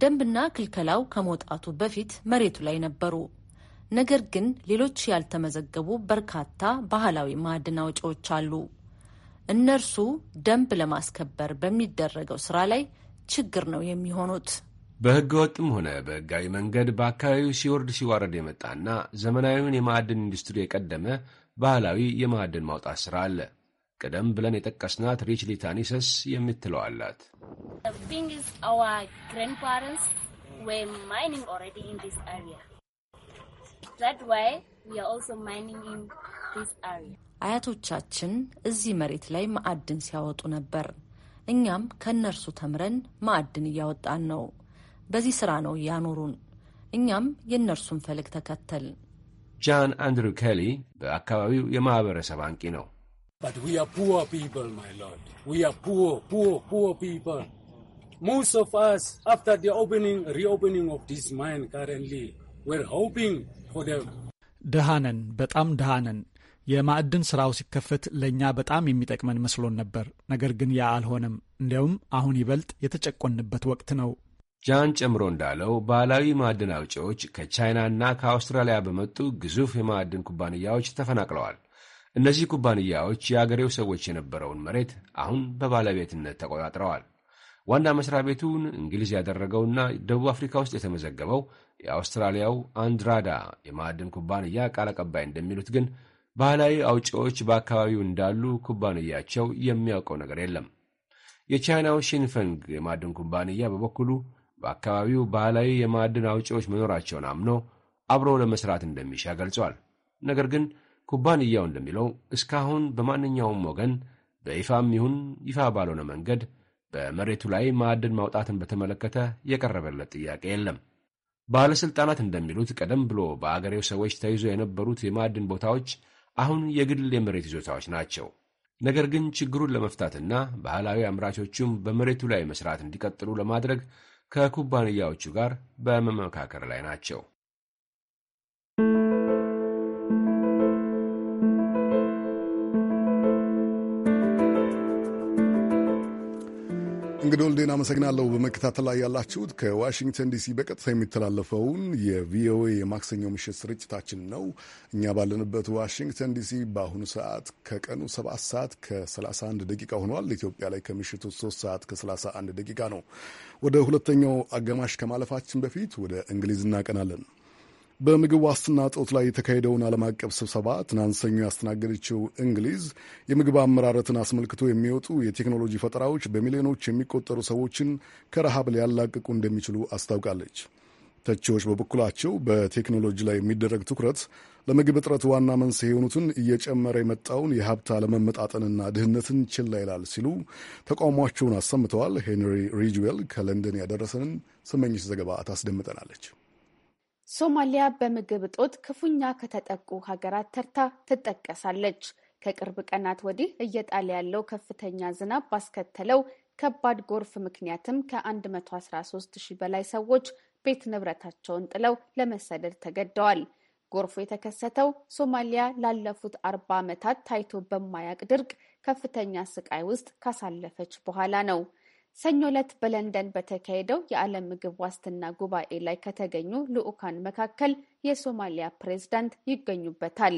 Speaker 4: ደንብና ክልከላው ከመውጣቱ በፊት መሬቱ ላይ ነበሩ። ነገር ግን ሌሎች ያልተመዘገቡ በርካታ ባህላዊ ማዕድን አውጪዎች አሉ። እነርሱ ደንብ ለማስከበር በሚደረገው ስራ ላይ ችግር ነው የሚሆኑት።
Speaker 9: በሕገ ወጥም ሆነ በሕጋዊ መንገድ በአካባቢው ሲወርድ ሲዋረድ የመጣና ዘመናዊውን የማዕድን ኢንዱስትሪ የቀደመ ባህላዊ የማዕድን ማውጣት ሥራ አለ። ቀደም ብለን የጠቀስናት ሪችሊ ታኒሰስ የምትለው አላት።
Speaker 4: አያቶቻችን እዚህ መሬት ላይ ማዕድን ሲያወጡ ነበር። እኛም ከእነርሱ ተምረን ማዕድን እያወጣን ነው። በዚህ ስራ ነው ያኖሩን። እኛም የእነርሱን ፈለግ
Speaker 9: ተከተልን። ጃን አንድሩ ኬሊ በአካባቢው የማህበረሰብ አንቂ ነው። But we are poor people, my lord. We are poor, poor, poor people. Most of us, after the opening, reopening of this mine currently, we're hoping for the...
Speaker 11: ድሃነን በጣም ድሃነን። የማዕድን ስራው ሲከፈት ለእኛ በጣም የሚጠቅመን መስሎን ነበር። ነገር ግን ያ አልሆነም። እንዲያውም አሁን ይበልጥ
Speaker 9: የተጨቆንበት ወቅት ነው። ጃን ጨምሮ እንዳለው ባህላዊ ማዕድን አውጪዎች ከቻይናና ከአውስትራሊያ በመጡ ግዙፍ የማዕድን ኩባንያዎች ተፈናቅለዋል። እነዚህ ኩባንያዎች የአገሬው ሰዎች የነበረውን መሬት አሁን በባለቤትነት ተቆጣጥረዋል። ዋና መስሪያ ቤቱን እንግሊዝ ያደረገውና ደቡብ አፍሪካ ውስጥ የተመዘገበው የአውስትራሊያው አንድራዳ የማዕድን ኩባንያ ቃል አቀባይ እንደሚሉት ግን ባህላዊ አውጪዎች በአካባቢው እንዳሉ ኩባንያቸው የሚያውቀው ነገር የለም። የቻይናው ሺንፈንግ የማዕድን ኩባንያ በበኩሉ በአካባቢው ባህላዊ የማዕድን አውጪዎች መኖራቸውን አምኖ አብሮ ለመስራት እንደሚሻ ገልጿል። ነገር ግን ኩባንያው እንደሚለው እስካሁን በማንኛውም ወገን በይፋም ይሁን ይፋ ባልሆነ መንገድ በመሬቱ ላይ ማዕድን ማውጣትን በተመለከተ የቀረበለት ጥያቄ የለም። ባለሥልጣናት እንደሚሉት ቀደም ብሎ በአገሬው ሰዎች ተይዞ የነበሩት የማዕድን ቦታዎች አሁን የግል የመሬት ይዞታዎች ናቸው። ነገር ግን ችግሩን ለመፍታትና ባህላዊ አምራቾቹም በመሬቱ ላይ መስራት እንዲቀጥሉ ለማድረግ ከኩባንያዎቹ ጋር በመመካከር ላይ ናቸው።
Speaker 1: እንግዲህ ወልዴን አመሰግናለሁ። በመከታተል ላይ ያላችሁት ከዋሽንግተን ዲሲ በቀጥታ የሚተላለፈውን የቪኦኤ የማክሰኞ ምሽት ስርጭታችን ነው። እኛ ባለንበት ዋሽንግተን ዲሲ በአሁኑ ሰዓት ከቀኑ 7 ሰዓት ከ31 ደቂቃ ሆኗል። ኢትዮጵያ ላይ ከምሽቱ 3 ሰዓት ከ31 ደቂቃ ነው። ወደ ሁለተኛው አጋማሽ ከማለፋችን በፊት ወደ እንግሊዝ እናቀናለን። በምግብ ዋስትና እጦት ላይ የተካሄደውን ዓለም አቀፍ ስብሰባ ትናንት ሰኞ ያስተናገደችው እንግሊዝ የምግብ አመራረትን አስመልክቶ የሚወጡ የቴክኖሎጂ ፈጠራዎች በሚሊዮኖች የሚቆጠሩ ሰዎችን ከረሃብ ሊያላቅቁ እንደሚችሉ አስታውቃለች። ተቺዎች በበኩላቸው በቴክኖሎጂ ላይ የሚደረግ ትኩረት ለምግብ እጥረት ዋና መንስኤ የሆኑትን እየጨመረ የመጣውን የሀብት አለመመጣጠንና ድህነትን ችላ ይላል ሲሉ ተቃውሟቸውን አሰምተዋል። ሄንሪ ሪጅዌል ከለንደን ያደረሰንን ስመኝሽ ዘገባ ታስደምጠናለች።
Speaker 12: ሶማሊያ በምግብ እጦት ክፉኛ ከተጠቁ ሀገራት ተርታ ትጠቀሳለች። ከቅርብ ቀናት ወዲህ እየጣለ ያለው ከፍተኛ ዝናብ ባስከተለው ከባድ ጎርፍ ምክንያትም ከ113 ሺህ በላይ ሰዎች ቤት ንብረታቸውን ጥለው ለመሰደድ ተገደዋል። ጎርፉ የተከሰተው ሶማሊያ ላለፉት አርባ ዓመታት ታይቶ በማያቅ ድርቅ ከፍተኛ ስቃይ ውስጥ ካሳለፈች በኋላ ነው። ሰኞ ዕለት በለንደን በተካሄደው የዓለም ምግብ ዋስትና ጉባኤ ላይ ከተገኙ ልዑካን መካከል የሶማሊያ ፕሬዝዳንት ይገኙበታል።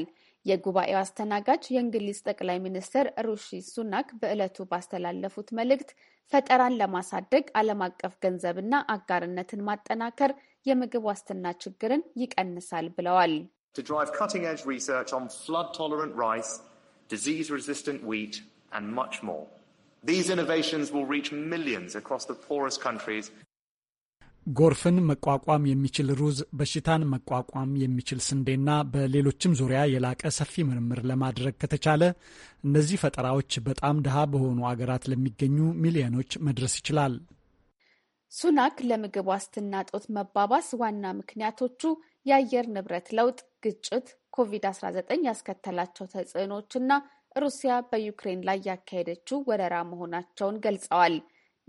Speaker 12: የጉባኤው አስተናጋጅ የእንግሊዝ ጠቅላይ ሚኒስትር ሩሺ ሱናክ በዕለቱ ባስተላለፉት መልእክት ፈጠራን ለማሳደግ ዓለም አቀፍ ገንዘብና አጋርነትን ማጠናከር የምግብ ዋስትና ችግርን ይቀንሳል ብለዋል።
Speaker 13: ሪሰርች ኦን ፍለድ ዲዚዝ ሬዚስተንት ዊት አንድ ማች ሞር These innovations will reach millions across the poorest
Speaker 14: countries.
Speaker 11: ጎርፍን መቋቋም የሚችል ሩዝ፣ በሽታን መቋቋም የሚችል ስንዴና በሌሎችም ዙሪያ የላቀ ሰፊ ምርምር ለማድረግ ከተቻለ እነዚህ ፈጠራዎች በጣም ድሃ በሆኑ አገራት ለሚገኙ ሚሊዮኖች መድረስ ይችላል።
Speaker 12: ሱናክ ለምግብ ዋስትና ጦት መባባስ ዋና ምክንያቶቹ የአየር ንብረት ለውጥ፣ ግጭት፣ ኮቪድ-19 ያስከተላቸው ተጽዕኖችና ሩሲያ በዩክሬን ላይ ያካሄደችው ወረራ መሆናቸውን ገልጸዋል።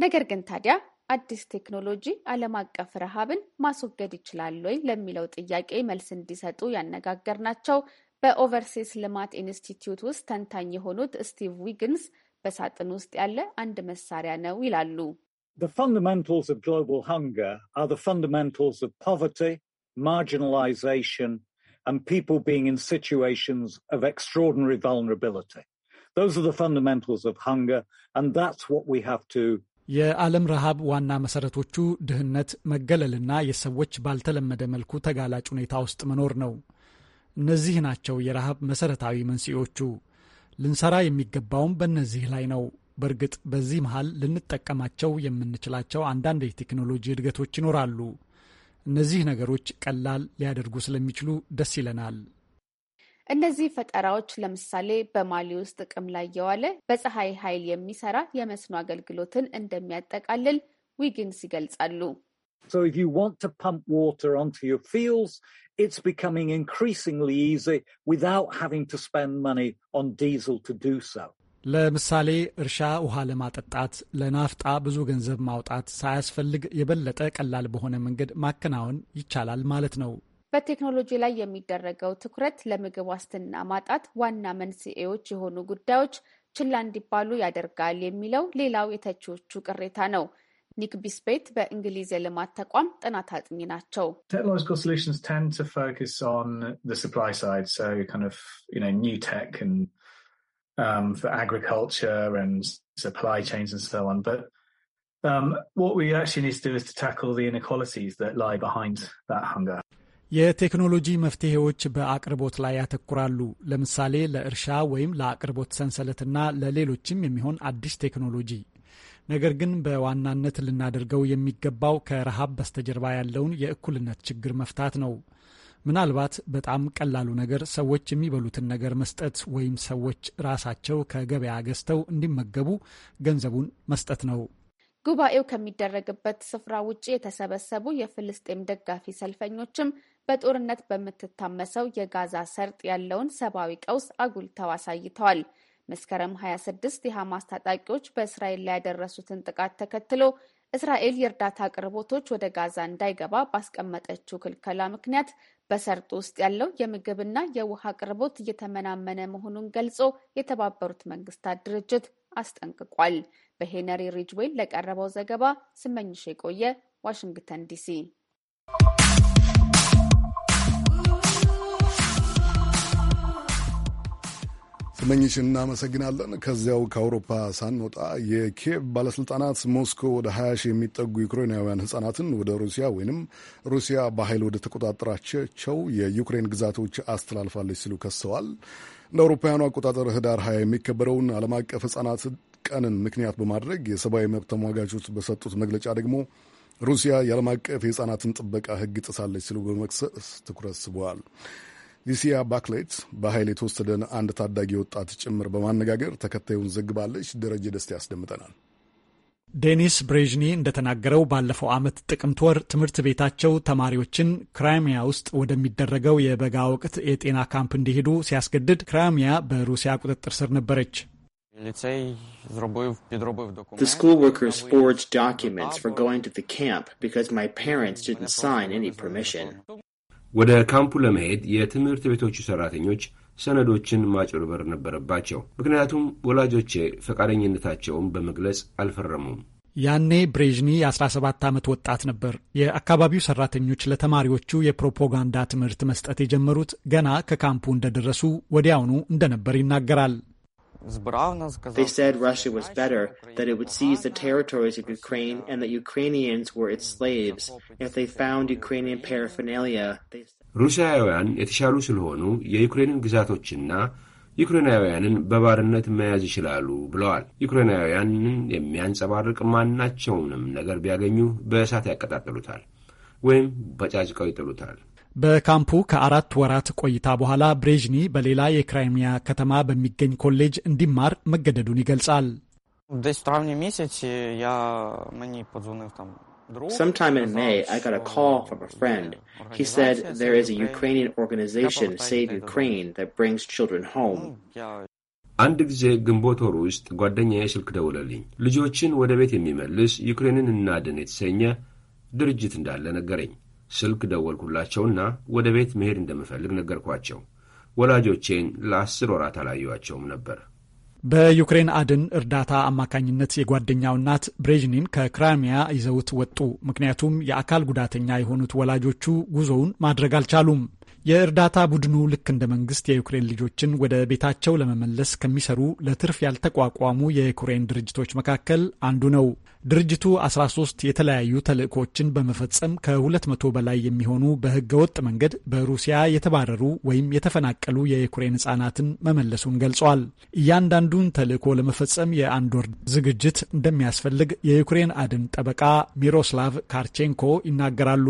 Speaker 12: ነገር ግን ታዲያ አዲስ ቴክኖሎጂ ዓለም አቀፍ ረሃብን ማስወገድ ይችላል ወይ ለሚለው ጥያቄ መልስ እንዲሰጡ ያነጋገር ናቸው። በኦቨርሲስ ልማት ኢንስቲትዩት ውስጥ ተንታኝ የሆኑት ስቲቭ ዊግንስ በሳጥን ውስጥ ያለ አንድ መሳሪያ ነው ይላሉ።
Speaker 11: and people being in situations of extraordinary vulnerability. Those are the fundamentals of hunger, and that's what we have to የዓለም ረሃብ ዋና መሰረቶቹ ድህነት፣ መገለልና የሰዎች ባልተለመደ መልኩ ተጋላጭ ሁኔታ ውስጥ መኖር ነው። እነዚህ ናቸው የረሃብ መሰረታዊ መንስኤዎቹ። ልንሰራ የሚገባውም በእነዚህ ላይ ነው። በእርግጥ በዚህ መሃል ልንጠቀማቸው የምንችላቸው አንዳንድ የቴክኖሎጂ እድገቶች ይኖራሉ። እነዚህ ነገሮች ቀላል ሊያደርጉ ስለሚችሉ
Speaker 12: ደስ ይለናል። እነዚህ ፈጠራዎች ለምሳሌ በማሊ ውስጥ ጥቅም ላይ የዋለ በፀሐይ ኃይል የሚሰራ የመስኖ አገልግሎትን እንደሚያጠቃልል ዊጊንስ ይገልጻሉ።
Speaker 11: ለምሳሌ እርሻ ውሃ ለማጠጣት ለናፍጣ ብዙ ገንዘብ ማውጣት ሳያስፈልግ የበለጠ ቀላል በሆነ መንገድ ማከናወን ይቻላል ማለት ነው።
Speaker 12: በቴክኖሎጂ ላይ የሚደረገው ትኩረት ለምግብ ዋስትና ማጣት ዋና መንስኤዎች የሆኑ ጉዳዮች ችላ እንዲባሉ ያደርጋል የሚለው ሌላው የተቺዎቹ ቅሬታ ነው። ኒክ ቢስቤት በእንግሊዝ የልማት ተቋም ጥናት አጥኚ ናቸው።
Speaker 8: um, for agriculture and supply chains and so on. But um, what we actually need to do is to tackle the inequalities that lie behind that hunger.
Speaker 11: የቴክኖሎጂ መፍትሄዎች በአቅርቦት ላይ ያተኩራሉ። ለምሳሌ ለእርሻ ወይም ለአቅርቦት ሰንሰለትና ለሌሎችም የሚሆን አዲስ ቴክኖሎጂ። ነገር ግን በዋናነት ልናደርገው የሚገባው ከረሃብ በስተጀርባ ያለውን የእኩልነት ችግር መፍታት ነው። ምናልባት በጣም ቀላሉ ነገር ሰዎች የሚበሉትን ነገር መስጠት ወይም ሰዎች ራሳቸው ከገበያ ገዝተው እንዲመገቡ ገንዘቡን መስጠት ነው።
Speaker 12: ጉባኤው ከሚደረግበት ስፍራ ውጭ የተሰበሰቡ የፍልስጤም ደጋፊ ሰልፈኞችም በጦርነት በምትታመሰው የጋዛ ሰርጥ ያለውን ሰብአዊ ቀውስ አጉልተው አሳይተዋል። መስከረም 26 የሐማስ ታጣቂዎች በእስራኤል ላይ ያደረሱትን ጥቃት ተከትሎ እስራኤል የእርዳታ አቅርቦቶች ወደ ጋዛ እንዳይገባ ባስቀመጠችው ክልከላ ምክንያት በሰርጡ ውስጥ ያለው የምግብና የውሃ አቅርቦት እየተመናመነ መሆኑን ገልጾ የተባበሩት መንግስታት ድርጅት አስጠንቅቋል። በሄነሪ ሪጅዌይ ለቀረበው ዘገባ ስመኝሽ የቆየ ዋሽንግተን ዲሲ።
Speaker 1: ስመኝሽ እናመሰግናለን። ከዚያው ከአውሮፓ ሳንወጣ የኪየቭ ባለሥልጣናት ሞስኮ ወደ 20 ሺህ የሚጠጉ ዩክሬናውያን ሕጻናትን ወደ ሩሲያ ወይንም ሩሲያ በኃይል ወደ ተቆጣጠራቸው የዩክሬን ግዛቶች አስተላልፋለች ሲሉ ከሰዋል። እንደ አውሮፓውያኑ አቆጣጠር ህዳር 20 የሚከበረውን ዓለም አቀፍ ሕጻናት ቀንን ምክንያት በማድረግ የሰብአዊ መብት ተሟጋቾች በሰጡት መግለጫ ደግሞ ሩሲያ የዓለም አቀፍ የሕጻናትን ጥበቃ ሕግ ጥሳለች ሲሉ በመክሰስ ትኩረት ስበዋል። ሊሲያ ባክሌት በኃይል የተወሰደን አንድ ታዳጊ ወጣት ጭምር በማነጋገር ተከታዩን ዘግባለች። ደረጀ ደስታ ያስደምጠናል።
Speaker 11: ዴኒስ ብሬዥኒ እንደተናገረው ባለፈው ዓመት ጥቅምት ወር ትምህርት ቤታቸው ተማሪዎችን ክራይሚያ ውስጥ ወደሚደረገው የበጋ ወቅት የጤና ካምፕ እንዲሄዱ ሲያስገድድ ክራይሚያ በሩሲያ ቁጥጥር ስር ነበረች።
Speaker 9: The
Speaker 8: school workers forged documents for going to
Speaker 9: ወደ ካምፑ ለመሄድ የትምህርት ቤቶቹ ሠራተኞች ሰነዶችን ማጭበርበር ነበረባቸው። ምክንያቱም ወላጆቼ ፈቃደኝነታቸውን በመግለጽ አልፈረሙም።
Speaker 11: ያኔ ብሬዥኒ የ17 ዓመት ወጣት ነበር። የአካባቢው ሰራተኞች ለተማሪዎቹ የፕሮፓጋንዳ ትምህርት መስጠት የጀመሩት ገና ከካምፑ እንደደረሱ ወዲያውኑ እንደነበር ይናገራል።
Speaker 8: They said Russia was better, that it would seize the territories of Ukraine, and that Ukrainians were its slaves. If they found Ukrainian paraphernalia,
Speaker 9: ሩሲያውያን የተሻሉ ስለሆኑ የዩክሬንን ግዛቶችና ዩክሬናውያንን በባርነት መያዝ ይችላሉ ብለዋል። ዩክሬናውያንን የሚያንጸባርቅ ማናቸውንም ነገር ቢያገኙ በእሳት ያቀጣጥሉታል ወይም በጫጭቀው ይጥሉታል።
Speaker 11: በካምፑ ከአራት ወራት ቆይታ በኋላ ብሬዥኒ በሌላ የክራይሚያ ከተማ በሚገኝ ኮሌጅ እንዲማር መገደዱን ይገልጻል።
Speaker 9: Sometime
Speaker 8: in May, I got a call from a friend. He said there is a Ukrainian organization, Save Ukraine, that brings children home.
Speaker 9: አንድ ጊዜ ግንቦት ወር ውስጥ ጓደኛዬ ስልክ ደውለልኝ ልጆችን ወደ ቤት የሚመልስ ዩክሬንን እናድን የተሰኘ ድርጅት እንዳለ ነገረኝ። ስልክ ደወልኩላቸውና ወደ ቤት መሄድ እንደምፈልግ ነገርኳቸው። ወላጆቼን ለአስር ወራት አላዩዋቸውም ነበር።
Speaker 11: በዩክሬን አድን እርዳታ አማካኝነት የጓደኛው እናት ብሬዥኒን ከክራሚያ ይዘውት ወጡ። ምክንያቱም የአካል ጉዳተኛ የሆኑት ወላጆቹ ጉዞውን ማድረግ አልቻሉም። የእርዳታ ቡድኑ ልክ እንደ መንግስት የዩክሬን ልጆችን ወደ ቤታቸው ለመመለስ ከሚሰሩ ለትርፍ ያልተቋቋሙ የዩክሬን ድርጅቶች መካከል አንዱ ነው። ድርጅቱ 13 የተለያዩ ተልዕኮችን በመፈጸም ከ200 በላይ የሚሆኑ በህገወጥ መንገድ በሩሲያ የተባረሩ ወይም የተፈናቀሉ የዩክሬን ህጻናትን መመለሱን ገልጿል። እያንዳንዱን ተልዕኮ ለመፈጸም የአንድ ወር ዝግጅት እንደሚያስፈልግ የዩክሬን አድን ጠበቃ ሚሮስላቭ ካርቼንኮ ይናገራሉ።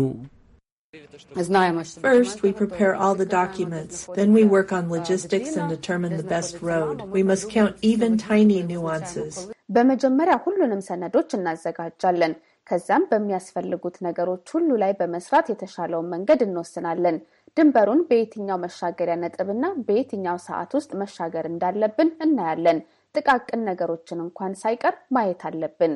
Speaker 10: First, we prepare all the documents. Then we work on logistics and determine the best road. We must count even tiny nuances.
Speaker 12: በመጀመሪያ ሁሉንም ሰነዶች እናዘጋጃለን። ከዚያም በሚያስፈልጉት ነገሮች ሁሉ ላይ በመስራት የተሻለውን መንገድ እንወስናለን። ድንበሩን በየትኛው መሻገሪያ ነጥብና በየትኛው ሰዓት ውስጥ መሻገር እንዳለብን እናያለን። ጥቃቅን ነገሮችን እንኳን ሳይቀር ማየት አለብን።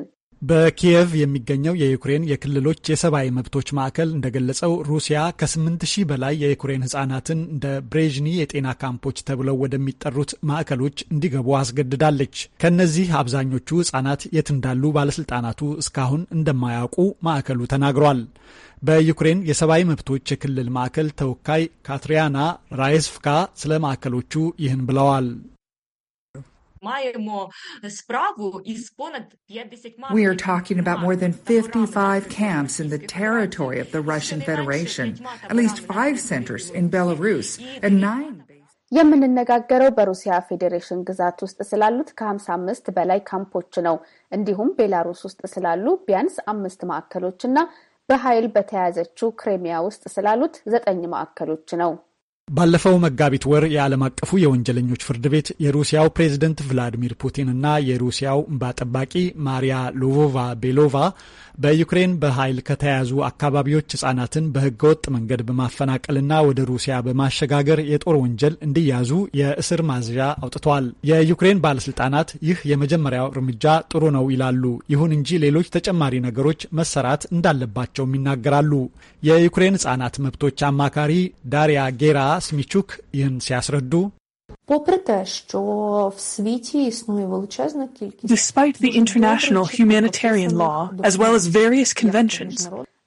Speaker 11: በኪየቭ የሚገኘው የዩክሬን የክልሎች የሰብአዊ መብቶች ማዕከል እንደገለጸው ሩሲያ ከ8 ሺህ በላይ የዩክሬን ህጻናትን እንደ ብሬዥኒ የጤና ካምፖች ተብለው ወደሚጠሩት ማዕከሎች እንዲገቡ አስገድዳለች። ከእነዚህ አብዛኞቹ ህጻናት የት እንዳሉ ባለስልጣናቱ እስካሁን እንደማያውቁ ማዕከሉ ተናግሯል። በዩክሬን የሰብአዊ መብቶች የክልል ማዕከል ተወካይ ካትሪያና ራይስፍካ ስለ ማዕከሎቹ ይህን ብለዋል።
Speaker 6: We are
Speaker 2: talking about more than 55 camps in the territory of the Russian Federation, at least five centers in Belarus, and nine.
Speaker 12: የምንነጋገረው በሩሲያ ፌዴሬሽን ግዛት ውስጥ ስላሉት ከ55 በላይ ካምፖች ነው። እንዲሁም ቤላሩስ ውስጥ ስላሉ ቢያንስ አምስት ማዕከሎች እና በኃይል በተያዘችው ክሬሚያ ውስጥ ስላሉት ዘጠኝ ማዕከሎች ነው።
Speaker 11: ባለፈው መጋቢት ወር የዓለም አቀፉ የወንጀለኞች ፍርድ ቤት የሩሲያው ፕሬዝደንት ቭላዲሚር እና የሩሲያው እንባ ጠባቂ ማሪያ ሎቮቫ ቤሎቫ በዩክሬን በኃይል ከተያዙ አካባቢዎች ህጻናትን በሕገወጥ መንገድ በማፈናቀልና ወደ ሩሲያ በማሸጋገር የጦር ወንጀል እንዲያዙ የእስር ማዝዣ አውጥተዋል። የዩክሬን ባለስልጣናት ይህ የመጀመሪያው እርምጃ ጥሩ ነው ይላሉ። ይሁን እንጂ ሌሎች ተጨማሪ ነገሮች መሰራት እንዳለባቸውም ይናገራሉ። የዩክሬን ህጻናት መብቶች አማካሪ ዳሪያ ጌራ ስሚቹክ ይህን ሲያስረዱ
Speaker 10: Despite the international humanitarian law, as well as various conventions,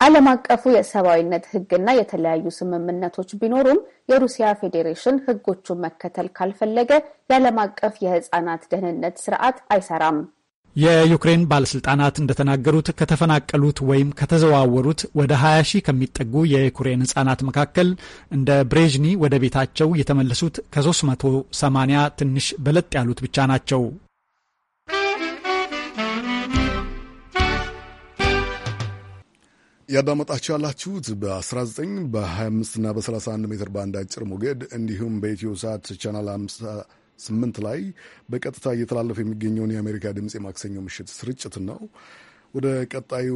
Speaker 12: ዓለም አቀፉ የሰብአዊነት ህግና የተለያዩ ስምምነቶች ቢኖሩም የሩሲያ ፌዴሬሽን ህጎቹን መከተል ካልፈለገ የዓለም አቀፍ የህፃናት ደህንነት ስርዓት አይሰራም።
Speaker 11: የዩክሬን ባለስልጣናት እንደተናገሩት ከተፈናቀሉት ወይም ከተዘዋወሩት ወደ 20 ሺህ ከሚጠጉ የዩክሬን ህጻናት መካከል እንደ ብሬዥኒ ወደ ቤታቸው የተመለሱት ከ380 ትንሽ በለጥ ያሉት ብቻ ናቸው።
Speaker 1: ያዳመጣችሁ ያላችሁት በ19 በ25 እና በ31 ሜትር ባንድ አጭር ሞገድ እንዲሁም በኢትዮ ሳት ቻናል ስምንት ላይ በቀጥታ እየተላለፈ የሚገኘውን የአሜሪካ ድምፅ የማክሰኞ ምሽት ስርጭት ነው። ወደ ቀጣዩ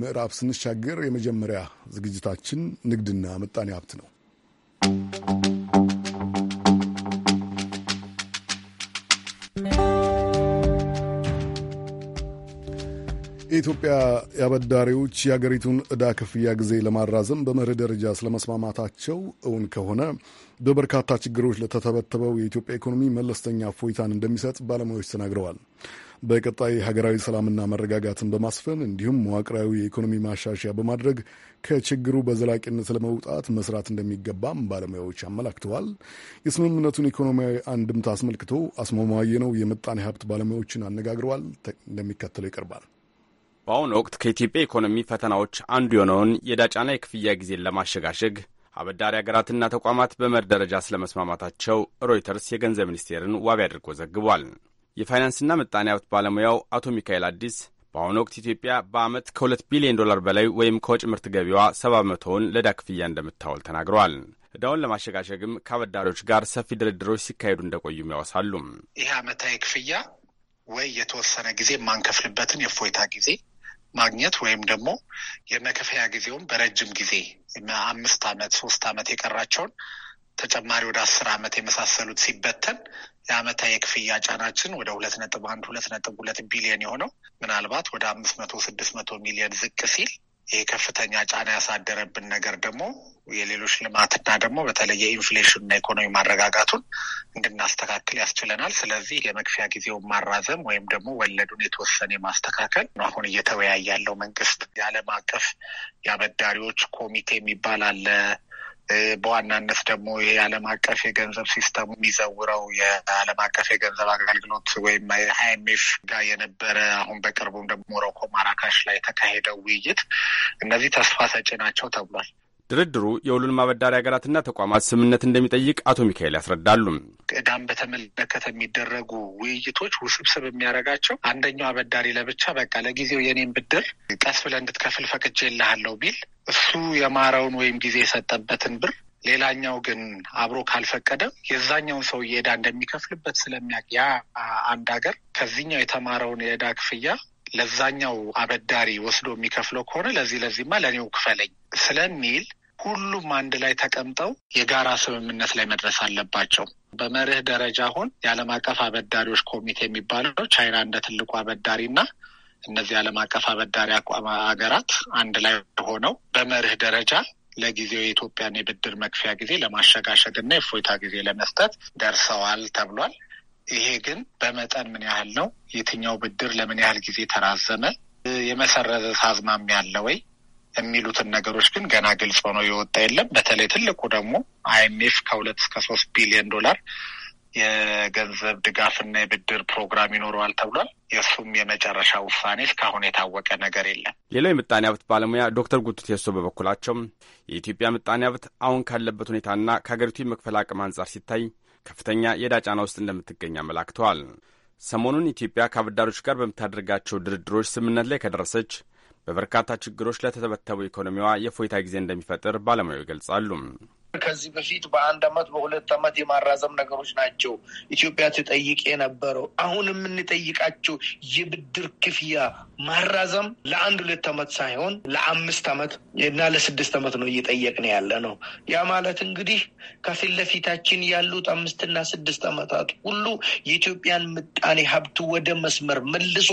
Speaker 1: ምዕራፍ ስንሻገር የመጀመሪያ ዝግጅታችን ንግድና ምጣኔ ሀብት ነው። የኢትዮጵያ የአበዳሪዎች የአገሪቱን ዕዳ ክፍያ ጊዜ ለማራዘም በመርህ ደረጃ ስለመስማማታቸው እውን ከሆነ በበርካታ ችግሮች ለተተበተበው የኢትዮጵያ ኢኮኖሚ መለስተኛ ፎይታን እንደሚሰጥ ባለሙያዎች ተናግረዋል። በቀጣይ ሀገራዊ ሰላምና መረጋጋትን በማስፈን እንዲሁም መዋቅራዊ የኢኮኖሚ ማሻሻያ በማድረግ ከችግሩ በዘላቂነት ለመውጣት መስራት እንደሚገባም ባለሙያዎች አመላክተዋል። የስምምነቱን ኢኮኖሚያዊ አንድምታ አስመልክቶ አስማማው ነው የምጣኔ ሀብት ባለሙያዎችን አነጋግረዋል። እንደሚከተለው ይቀርባል።
Speaker 14: በአሁኑ ወቅት ከኢትዮጵያ ኢኮኖሚ ፈተናዎች አንዱ የሆነውን የዳጫና የክፍያ ጊዜን ለማሸጋሸግ አበዳሪ ሀገራትና ተቋማት በመር ደረጃ ስለመስማማታቸው ሮይተርስ የገንዘብ ሚኒስቴርን ዋቢ አድርጎ ዘግቧል። የፋይናንስና ምጣኔ ሀብት ባለሙያው አቶ ሚካኤል አዲስ በአሁኑ ወቅት ኢትዮጵያ በዓመት ከ2 ቢሊዮን ዶላር በላይ ወይም ከወጭ ምርት ገቢዋ ሰባ በመቶውን ለዕዳ ክፍያ እንደምታውል ተናግረዋል። እዳውን ለማሸጋሸግም ከአበዳሪዎች ጋር ሰፊ ድርድሮች ሲካሄዱ እንደቆዩም ያወሳሉ። ይህ ዓመታዊ ክፍያ
Speaker 13: ወይ የተወሰነ ጊዜ የማንከፍልበትን የእፎይታ ጊዜ ማግኘት ወይም ደግሞ የመከፈያ ጊዜውን በረጅም ጊዜ አምስት ዓመት ሶስት ዓመት የቀራቸውን ተጨማሪ ወደ አስር ዓመት የመሳሰሉት ሲበተን የአመታ የክፍያ ጫናችን ወደ ሁለት ነጥብ አንድ ሁለት ነጥብ ሁለት ቢሊዮን የሆነው ምናልባት ወደ አምስት መቶ ስድስት መቶ ሚሊዮን ዝቅ ሲል ይህ ከፍተኛ ጫና ያሳደረብን ነገር ደግሞ የሌሎች ልማትና ደግሞ በተለይ የኢንፍሌሽንና ኢኮኖሚ ማረጋጋቱን እንድናስተካክል ያስችለናል። ስለዚህ የመክፊያ ጊዜውን ማራዘም ወይም ደግሞ ወለዱን የተወሰነ የማስተካከል አሁን እየተወያየ ያለው መንግስት የዓለም አቀፍ የአበዳሪዎች ኮሚቴ የሚባል አለ። በዋናነት ደግሞ የዓለም አቀፍ የገንዘብ ሲስተሙ የሚዘውረው የዓለም አቀፍ የገንዘብ አገልግሎት ወይም አይኤምኤፍ ጋር የነበረ አሁን በቅርቡም ደግሞ ሞሮኮ ማራካሽ ላይ የተካሄደው ውይይት እነዚህ ተስፋ ሰጪ ናቸው ተብሏል።
Speaker 14: ድርድሩ የውሉን ማበዳሪ ሀገራትና ተቋማት ስምምነት እንደሚጠይቅ አቶ ሚካኤል ያስረዳሉ።
Speaker 13: ዕዳም በተመለከተ የሚደረጉ ውይይቶች ውስብስብ የሚያደርጋቸው አንደኛው አበዳሪ ለብቻ በቃ ለጊዜው የኔን ብድር ቀስ ብለህ እንድትከፍል ፈቅጄልሃለሁ ቢል እሱ የማረውን ወይም ጊዜ የሰጠበትን ብር ሌላኛው ግን አብሮ ካልፈቀደ የዛኛውን ሰው የዕዳ እንደሚከፍልበት ስለሚያውቅ ያ አንድ ሀገር ከዚህኛው የተማረውን የዕዳ ክፍያ ለዛኛው አበዳሪ ወስዶ የሚከፍለው ከሆነ ለዚህ ለዚህማ ለእኔው ክፈለኝ ስለሚል ሁሉም አንድ ላይ ተቀምጠው የጋራ ስምምነት ላይ መድረስ አለባቸው። በመርህ ደረጃ አሁን የዓለም አቀፍ አበዳሪዎች ኮሚቴ የሚባለው ቻይና እንደ ትልቁ አበዳሪ እና እነዚህ የዓለም አቀፍ አበዳሪ አቋም ሀገራት አንድ ላይ ሆነው በመርህ ደረጃ ለጊዜው የኢትዮጵያን የብድር መክፊያ ጊዜ ለማሸጋሸግ እና የእፎይታ ጊዜ ለመስጠት ደርሰዋል ተብሏል። ይሄ ግን በመጠን ምን ያህል ነው? የትኛው ብድር ለምን ያህል ጊዜ ተራዘመ? የመሰረዘ አዝማሚያ አለ ወይ? የሚሉትን ነገሮች ግን ገና ግልጽ ሆኖ የወጣ የለም። በተለይ ትልቁ ደግሞ አይኤምኤፍ ከሁለት እስከ ሶስት ቢሊዮን ዶላር የገንዘብ ድጋፍና የብድር ፕሮግራም ይኖረዋል ተብሏል። የእሱም የመጨረሻ ውሳኔ እስካሁን የታወቀ ነገር የለም።
Speaker 14: ሌላው የምጣኔ ሀብት ባለሙያ ዶክተር ጉቱ ቴሶ በበኩላቸው የኢትዮጵያ ምጣኔ ሀብት አሁን ካለበት ሁኔታና ከሀገሪቱ የመክፈል አቅም አንጻር ሲታይ ከፍተኛ የዕዳ ጫና ውስጥ እንደምትገኝ አመላክተዋል። ሰሞኑን ኢትዮጵያ ከአበዳሪዎች ጋር በምታደርጋቸው ድርድሮች ስምምነት ላይ ከደረሰች በበርካታ ችግሮች ለተተበተበው ኢኮኖሚዋ የፎይታ ጊዜ እንደሚፈጥር ባለሙያው ይገልጻሉ።
Speaker 15: ከዚህ በፊት በአንድ አመት በሁለት አመት የማራዘም ነገሮች ናቸው ኢትዮጵያ ትጠይቅ የነበረው። አሁን የምንጠይቃቸው የብድር ክፍያ ማራዘም ለአንድ ሁለት አመት ሳይሆን ለአምስት አመት እና ለስድስት አመት ነው እየጠየቅን ያለ ነው። ያ ማለት እንግዲህ ከፊት ለፊታችን ያሉት አምስትና ስድስት አመታት ሁሉ የኢትዮጵያን ምጣኔ ሀብት ወደ መስመር መልሶ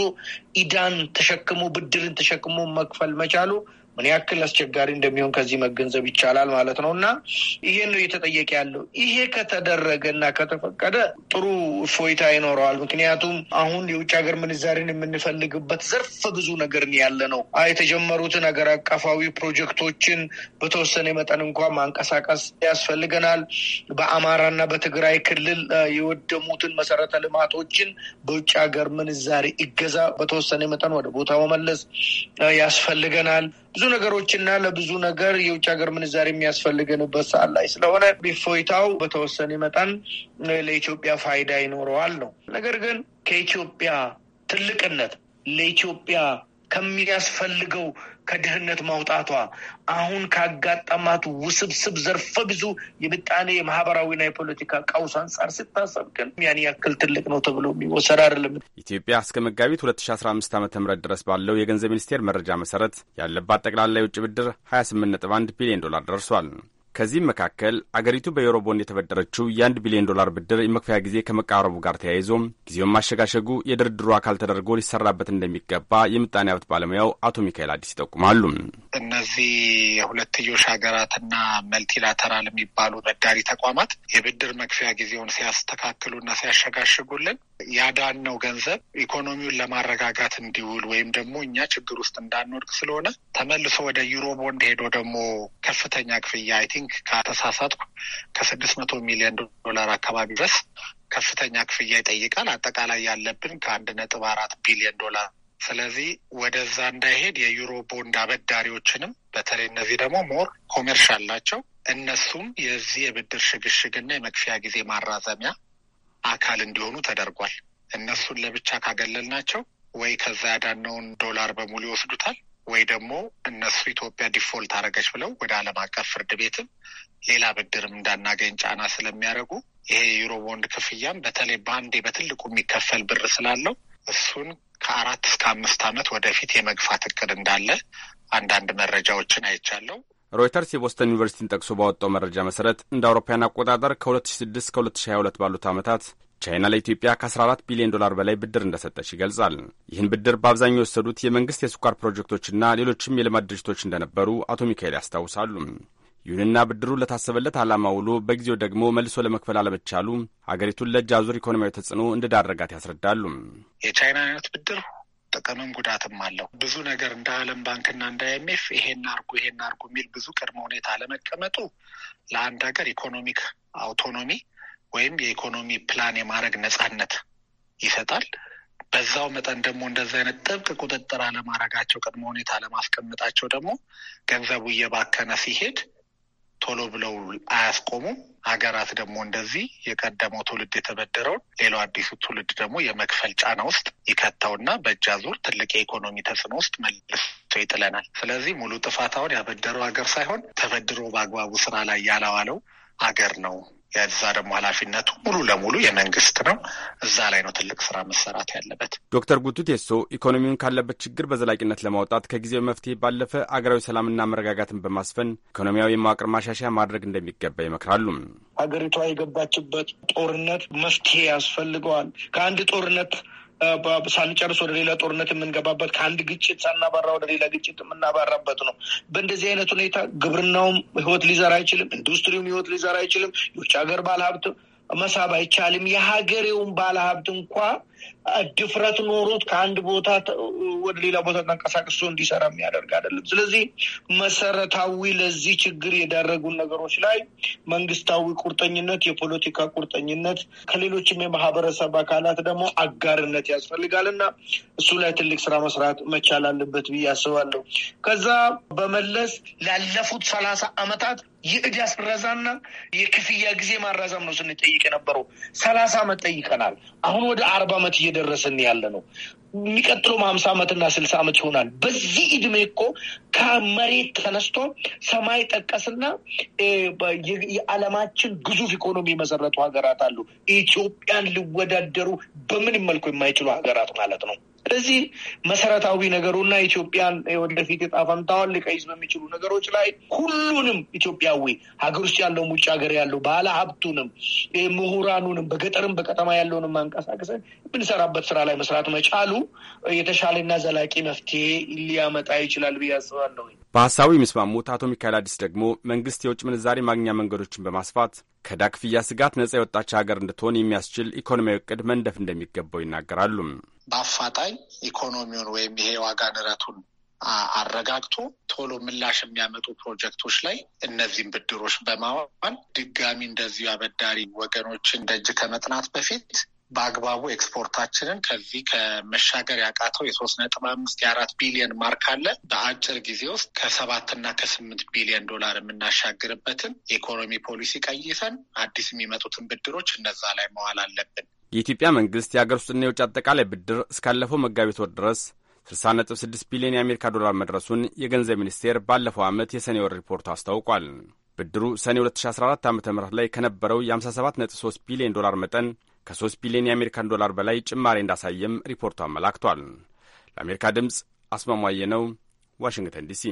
Speaker 15: ኢዳን ተሸክሞ ብድርን ተሸክሞ መክፈል መቻሉ ምን ያክል አስቸጋሪ እንደሚሆን ከዚህ መገንዘብ ይቻላል ማለት ነው እና ይሄን ነው እየተጠየቀ ያለው። ይሄ ከተደረገ እና ከተፈቀደ ጥሩ እፎይታ ይኖረዋል። ምክንያቱም አሁን የውጭ ሀገር ምንዛሪን የምንፈልግበት ዘርፈ ብዙ ነገር ያለ ነው። የተጀመሩትን ሀገር አቀፋዊ ፕሮጀክቶችን በተወሰነ መጠን እንኳን ማንቀሳቀስ ያስፈልገናል። በአማራና በትግራይ ክልል የወደሙትን መሰረተ ልማቶችን በውጭ ሀገር ምንዛሬ ይገዛ በተወሰነ መጠን ወደ ቦታ መመለስ ያስፈልገናል። ብዙ ነገሮችና ለብዙ ነገር የውጭ ሀገር ምንዛሪ የሚያስፈልገንበት ሰዓት ላይ ስለሆነ ቢፎይታው በተወሰነ መጠን ለኢትዮጵያ ፋይዳ ይኖረዋል ነው። ነገር ግን ከኢትዮጵያ ትልቅነት ለኢትዮጵያ ከሚያስፈልገው ከድህነት ማውጣቷ አሁን ካጋጠማት ውስብስብ ዘርፈ ብዙ የምጣኔ የማህበራዊና የፖለቲካ ቀውስ አንጻር ስታሰብ ግን ያን ያክል ትልቅ ነው ተብሎ የሚወሰድ አይደለም።
Speaker 14: ኢትዮጵያ እስከ መጋቢት ሁለት ሺ አስራ አምስት ድረስ ባለው የገንዘብ ሚኒስቴር መረጃ መሰረት ያለባት ጠቅላላ የውጭ ብድር ሀያ ስምንት ነጥብ አንድ ቢሊዮን ዶላር ደርሷል። ከዚህም መካከል አገሪቱ በዩሮ ቦንድ የተበደረችው የአንድ ቢሊዮን ዶላር ብድር የመክፈያ ጊዜ ከመቃረቡ ጋር ተያይዞ ጊዜውን ማሸጋሸጉ የድርድሩ አካል ተደርጎ ሊሰራበት እንደሚገባ የምጣኔ ሀብት ባለሙያው አቶ ሚካኤል አዲስ ይጠቁማሉ።
Speaker 13: እነዚህ የሁለትዮሽ ሀገራትና መልቲላተራል የሚባሉ በዳሪ ተቋማት የብድር መክፈያ ጊዜውን ሲያስተካክሉና ሲያሸጋሽጉልን ያዳነው ገንዘብ ኢኮኖሚውን ለማረጋጋት እንዲውል ወይም ደግሞ እኛ ችግር ውስጥ እንዳንወድቅ ስለሆነ ተመልሶ ወደ ዩሮ ቦንድ ሄዶ ደግሞ ከፍተኛ ክፍያ አይ ቲንክ ከተሳሳትኩ ከስድስት መቶ ሚሊዮን ዶላር አካባቢ ድረስ ከፍተኛ ክፍያ ይጠይቃል። አጠቃላይ ያለብን ከአንድ ነጥብ አራት ቢሊዮን ዶላር ስለዚህ ወደዛ እንዳይሄድ የዩሮ ቦንድ አበዳሪዎችንም በተለይ እነዚህ ደግሞ ሞር ኮሜርሻል ናቸው። እነሱም የዚህ የብድር ሽግሽግና የመክፊያ ጊዜ ማራዘሚያ አካል እንዲሆኑ ተደርጓል። እነሱን ለብቻ ካገለልናቸው ወይ ከዛ ያዳነውን ዶላር በሙሉ ይወስዱታል ወይ ደግሞ እነሱ ኢትዮጵያ ዲፎልት አደረገች ብለው ወደ ዓለም አቀፍ ፍርድ ቤትም ሌላ ብድርም እንዳናገኝ ጫና ስለሚያደርጉ ይሄ የዩሮ ቦንድ ክፍያም በተለይ በአንዴ በትልቁ የሚከፈል ብር ስላለው እሱን ከአራት እስከ አምስት ዓመት ወደፊት የመግፋት እቅድ እንዳለ አንዳንድ መረጃዎችን አይቻለው።
Speaker 14: ሮይተርስ የቦስተን ዩኒቨርሲቲን ጠቅሶ ባወጣው መረጃ መሰረት እንደ አውሮፓውያን አቆጣጠር ከ2006 እስከ 2022 ባሉት ዓመታት ቻይና ለኢትዮጵያ ከ14 ቢሊዮን ዶላር በላይ ብድር እንደሰጠች ይገልጻል። ይህን ብድር በአብዛኛው የወሰዱት የመንግሥት የስኳር ፕሮጀክቶችና ሌሎችም የልማት ድርጅቶች እንደነበሩ አቶ ሚካኤል ያስታውሳሉ። ይሁንና ብድሩ ለታሰበለት ዓላማ ውሎ በጊዜው ደግሞ መልሶ ለመክፈል አለመቻሉ አገሪቱን ለእጅ አዙር ኢኮኖሚያዊ ተጽዕኖ እንደዳረጋት ያስረዳሉ።
Speaker 13: የቻይና አይነት ብድር ጥቅምም ጉዳትም አለው። ብዙ ነገር እንደ ዓለም ባንክና እንደ አይኤምኤፍ ይሄን አርጉ ይሄን አርጉ የሚል ብዙ ቅድመ ሁኔታ አለመቀመጡ ለአንድ ሀገር ኢኮኖሚክ አውቶኖሚ ወይም የኢኮኖሚ ፕላን የማድረግ ነጻነት ይሰጣል። በዛው መጠን ደግሞ እንደዚህ አይነት ጥብቅ ቁጥጥር አለማድረጋቸው፣ ቅድመ ሁኔታ አለማስቀምጣቸው ደግሞ ገንዘቡ እየባከነ ሲሄድ ቶሎ ብለው አያስቆሙም። ሀገራት ደግሞ እንደዚህ የቀደመው ትውልድ የተበደረውን ሌላው አዲሱ ትውልድ ደግሞ የመክፈል ጫና ውስጥ ይከተውና በእጃ ዙር ትልቅ የኢኮኖሚ ተጽዕኖ ውስጥ መልሶ ይጥለናል። ስለዚህ ሙሉ ጥፋት አሁን ያበደረው ሀገር ሳይሆን ተበድሮ በአግባቡ ስራ ላይ ያላዋለው ሀገር ነው የአዲስ አበባ ደግሞ ኃላፊነቱ ሙሉ ለሙሉ የመንግስት ነው። እዛ ላይ ነው ትልቅ ስራ መሰራት
Speaker 14: ያለበት። ዶክተር ጉቱ ቴሶ ኢኮኖሚውን ካለበት ችግር በዘላቂነት ለማውጣት ከጊዜያዊ መፍትሄ ባለፈ አገራዊ ሰላምና መረጋጋትን በማስፈን ኢኮኖሚያዊ መዋቅር ማሻሻያ ማድረግ እንደሚገባ ይመክራሉ።
Speaker 15: ሀገሪቷ የገባችበት ጦርነት መፍትሄ ያስፈልገዋል። ከአንድ ጦርነት ሳንጨርስ ወደ ሌላ ጦርነት የምንገባበት ከአንድ ግጭት ሳናባራ ወደ ሌላ ግጭት የምናባራበት ነው። በእንደዚህ አይነት ሁኔታ ግብርናውም ህይወት ሊዘራ አይችልም። ኢንዱስትሪውም ህይወት ሊዘራ አይችልም። የውጭ ሀገር ባለሀብት መሳብ አይቻልም። የሀገሬውን ባለሀብት እንኳ ድፍረት ኖሮት ከአንድ ቦታ ወደ ሌላ ቦታ ተንቀሳቅሶ እንዲሰራ የሚያደርግ አይደለም። ስለዚህ መሰረታዊ ለዚህ ችግር የዳረጉን ነገሮች ላይ መንግስታዊ ቁርጠኝነት፣ የፖለቲካ ቁርጠኝነት ከሌሎችም የማህበረሰብ አካላት ደግሞ አጋርነት ያስፈልጋል እና እሱ ላይ ትልቅ ስራ መስራት መቻል አለበት ብዬ አስባለሁ። ከዛ በመለስ ላለፉት ሰላሳ አመታት የእዳ ስረዛና የክፍያ ጊዜ ማራዘም ነው ስንጠይቅ የነበረው። ሰላሳ አመት ጠይቀናል። አሁን ወደ አርባ አመት ጉዳት እየደረሰን ያለ ነው። የሚቀጥለውም ሀምሳ ዓመትና ስልሳ ዓመት ይሆናል። በዚህ እድሜ እኮ ከመሬት ተነስቶ ሰማይ ጠቀስና የዓለማችን ግዙፍ ኢኮኖሚ የመሰረቱ ሀገራት አሉ። ኢትዮጵያን ሊወዳደሩ በምንም መልኩ የማይችሉ ሀገራት ማለት ነው። ስለዚህ መሰረታዊ ነገሩና ኢትዮጵያን ወደፊት ዕጣ ፈንታዋን ሊቀይዝ በሚችሉ ነገሮች ላይ ሁሉንም ኢትዮጵያዊ ሀገር ውስጥ ያለውም ውጭ ሀገር ያለው ባለ ሀብቱንም ምሁራኑንም በገጠርም በከተማ ያለውንም ማንቀሳቀስን የምንሰራበት ስራ ላይ መስራት መቻሉ የተሻለና ዘላቂ መፍትሄ ሊያመጣ ይችላል ብዬ አስባለሁ።
Speaker 14: በሀሳቡ የሚስማሙት አቶ ሚካኤል አዲስ ደግሞ መንግስት የውጭ ምንዛሬ ማግኛ መንገዶችን በማስፋት ከዳክፍያ ስጋት ነጻ የወጣች ሀገር እንድትሆን የሚያስችል ኢኮኖሚያዊ እቅድ መንደፍ እንደሚገባው ይናገራሉ።
Speaker 13: በአፋጣኝ ኢኮኖሚውን ወይም ይሄ የዋጋ ንረቱን አረጋግቶ ቶሎ ምላሽ የሚያመጡ ፕሮጀክቶች ላይ እነዚህን ብድሮች በማዋል ድጋሚ እንደዚሁ አበዳሪ ወገኖችን ደጅ ከመጥናት በፊት በአግባቡ ኤክስፖርታችንን ከዚህ ከመሻገር ያቃተው የሶስት ነጥብ አምስት የአራት ቢሊዮን ማርክ አለ በአጭር ጊዜ ውስጥ ከሰባትና ከስምንት ቢሊዮን ዶላር የምናሻግርበትን የኢኮኖሚ ፖሊሲ ቀይሰን አዲስ የሚመጡትን ብድሮች እነዛ ላይ
Speaker 14: መዋል አለብን። የኢትዮጵያ መንግስት የአገር ውስጥና የውጭ አጠቃላይ ብድር እስካለፈው መጋቢት ወር ድረስ 60.6 ቢሊዮን የአሜሪካ ዶላር መድረሱን የገንዘብ ሚኒስቴር ባለፈው ዓመት የሰኔ ወር ሪፖርቱ አስታውቋል። ብድሩ ሰኔ 2014 ዓ ም ላይ ከነበረው የ57.3 ቢሊዮን ዶላር መጠን ከ3 ቢሊዮን የአሜሪካን ዶላር በላይ ጭማሪ እንዳሳየም ሪፖርቱ አመላክቷል። ለአሜሪካ ድምፅ አስማሟየ ነው፣ ዋሽንግተን ዲሲ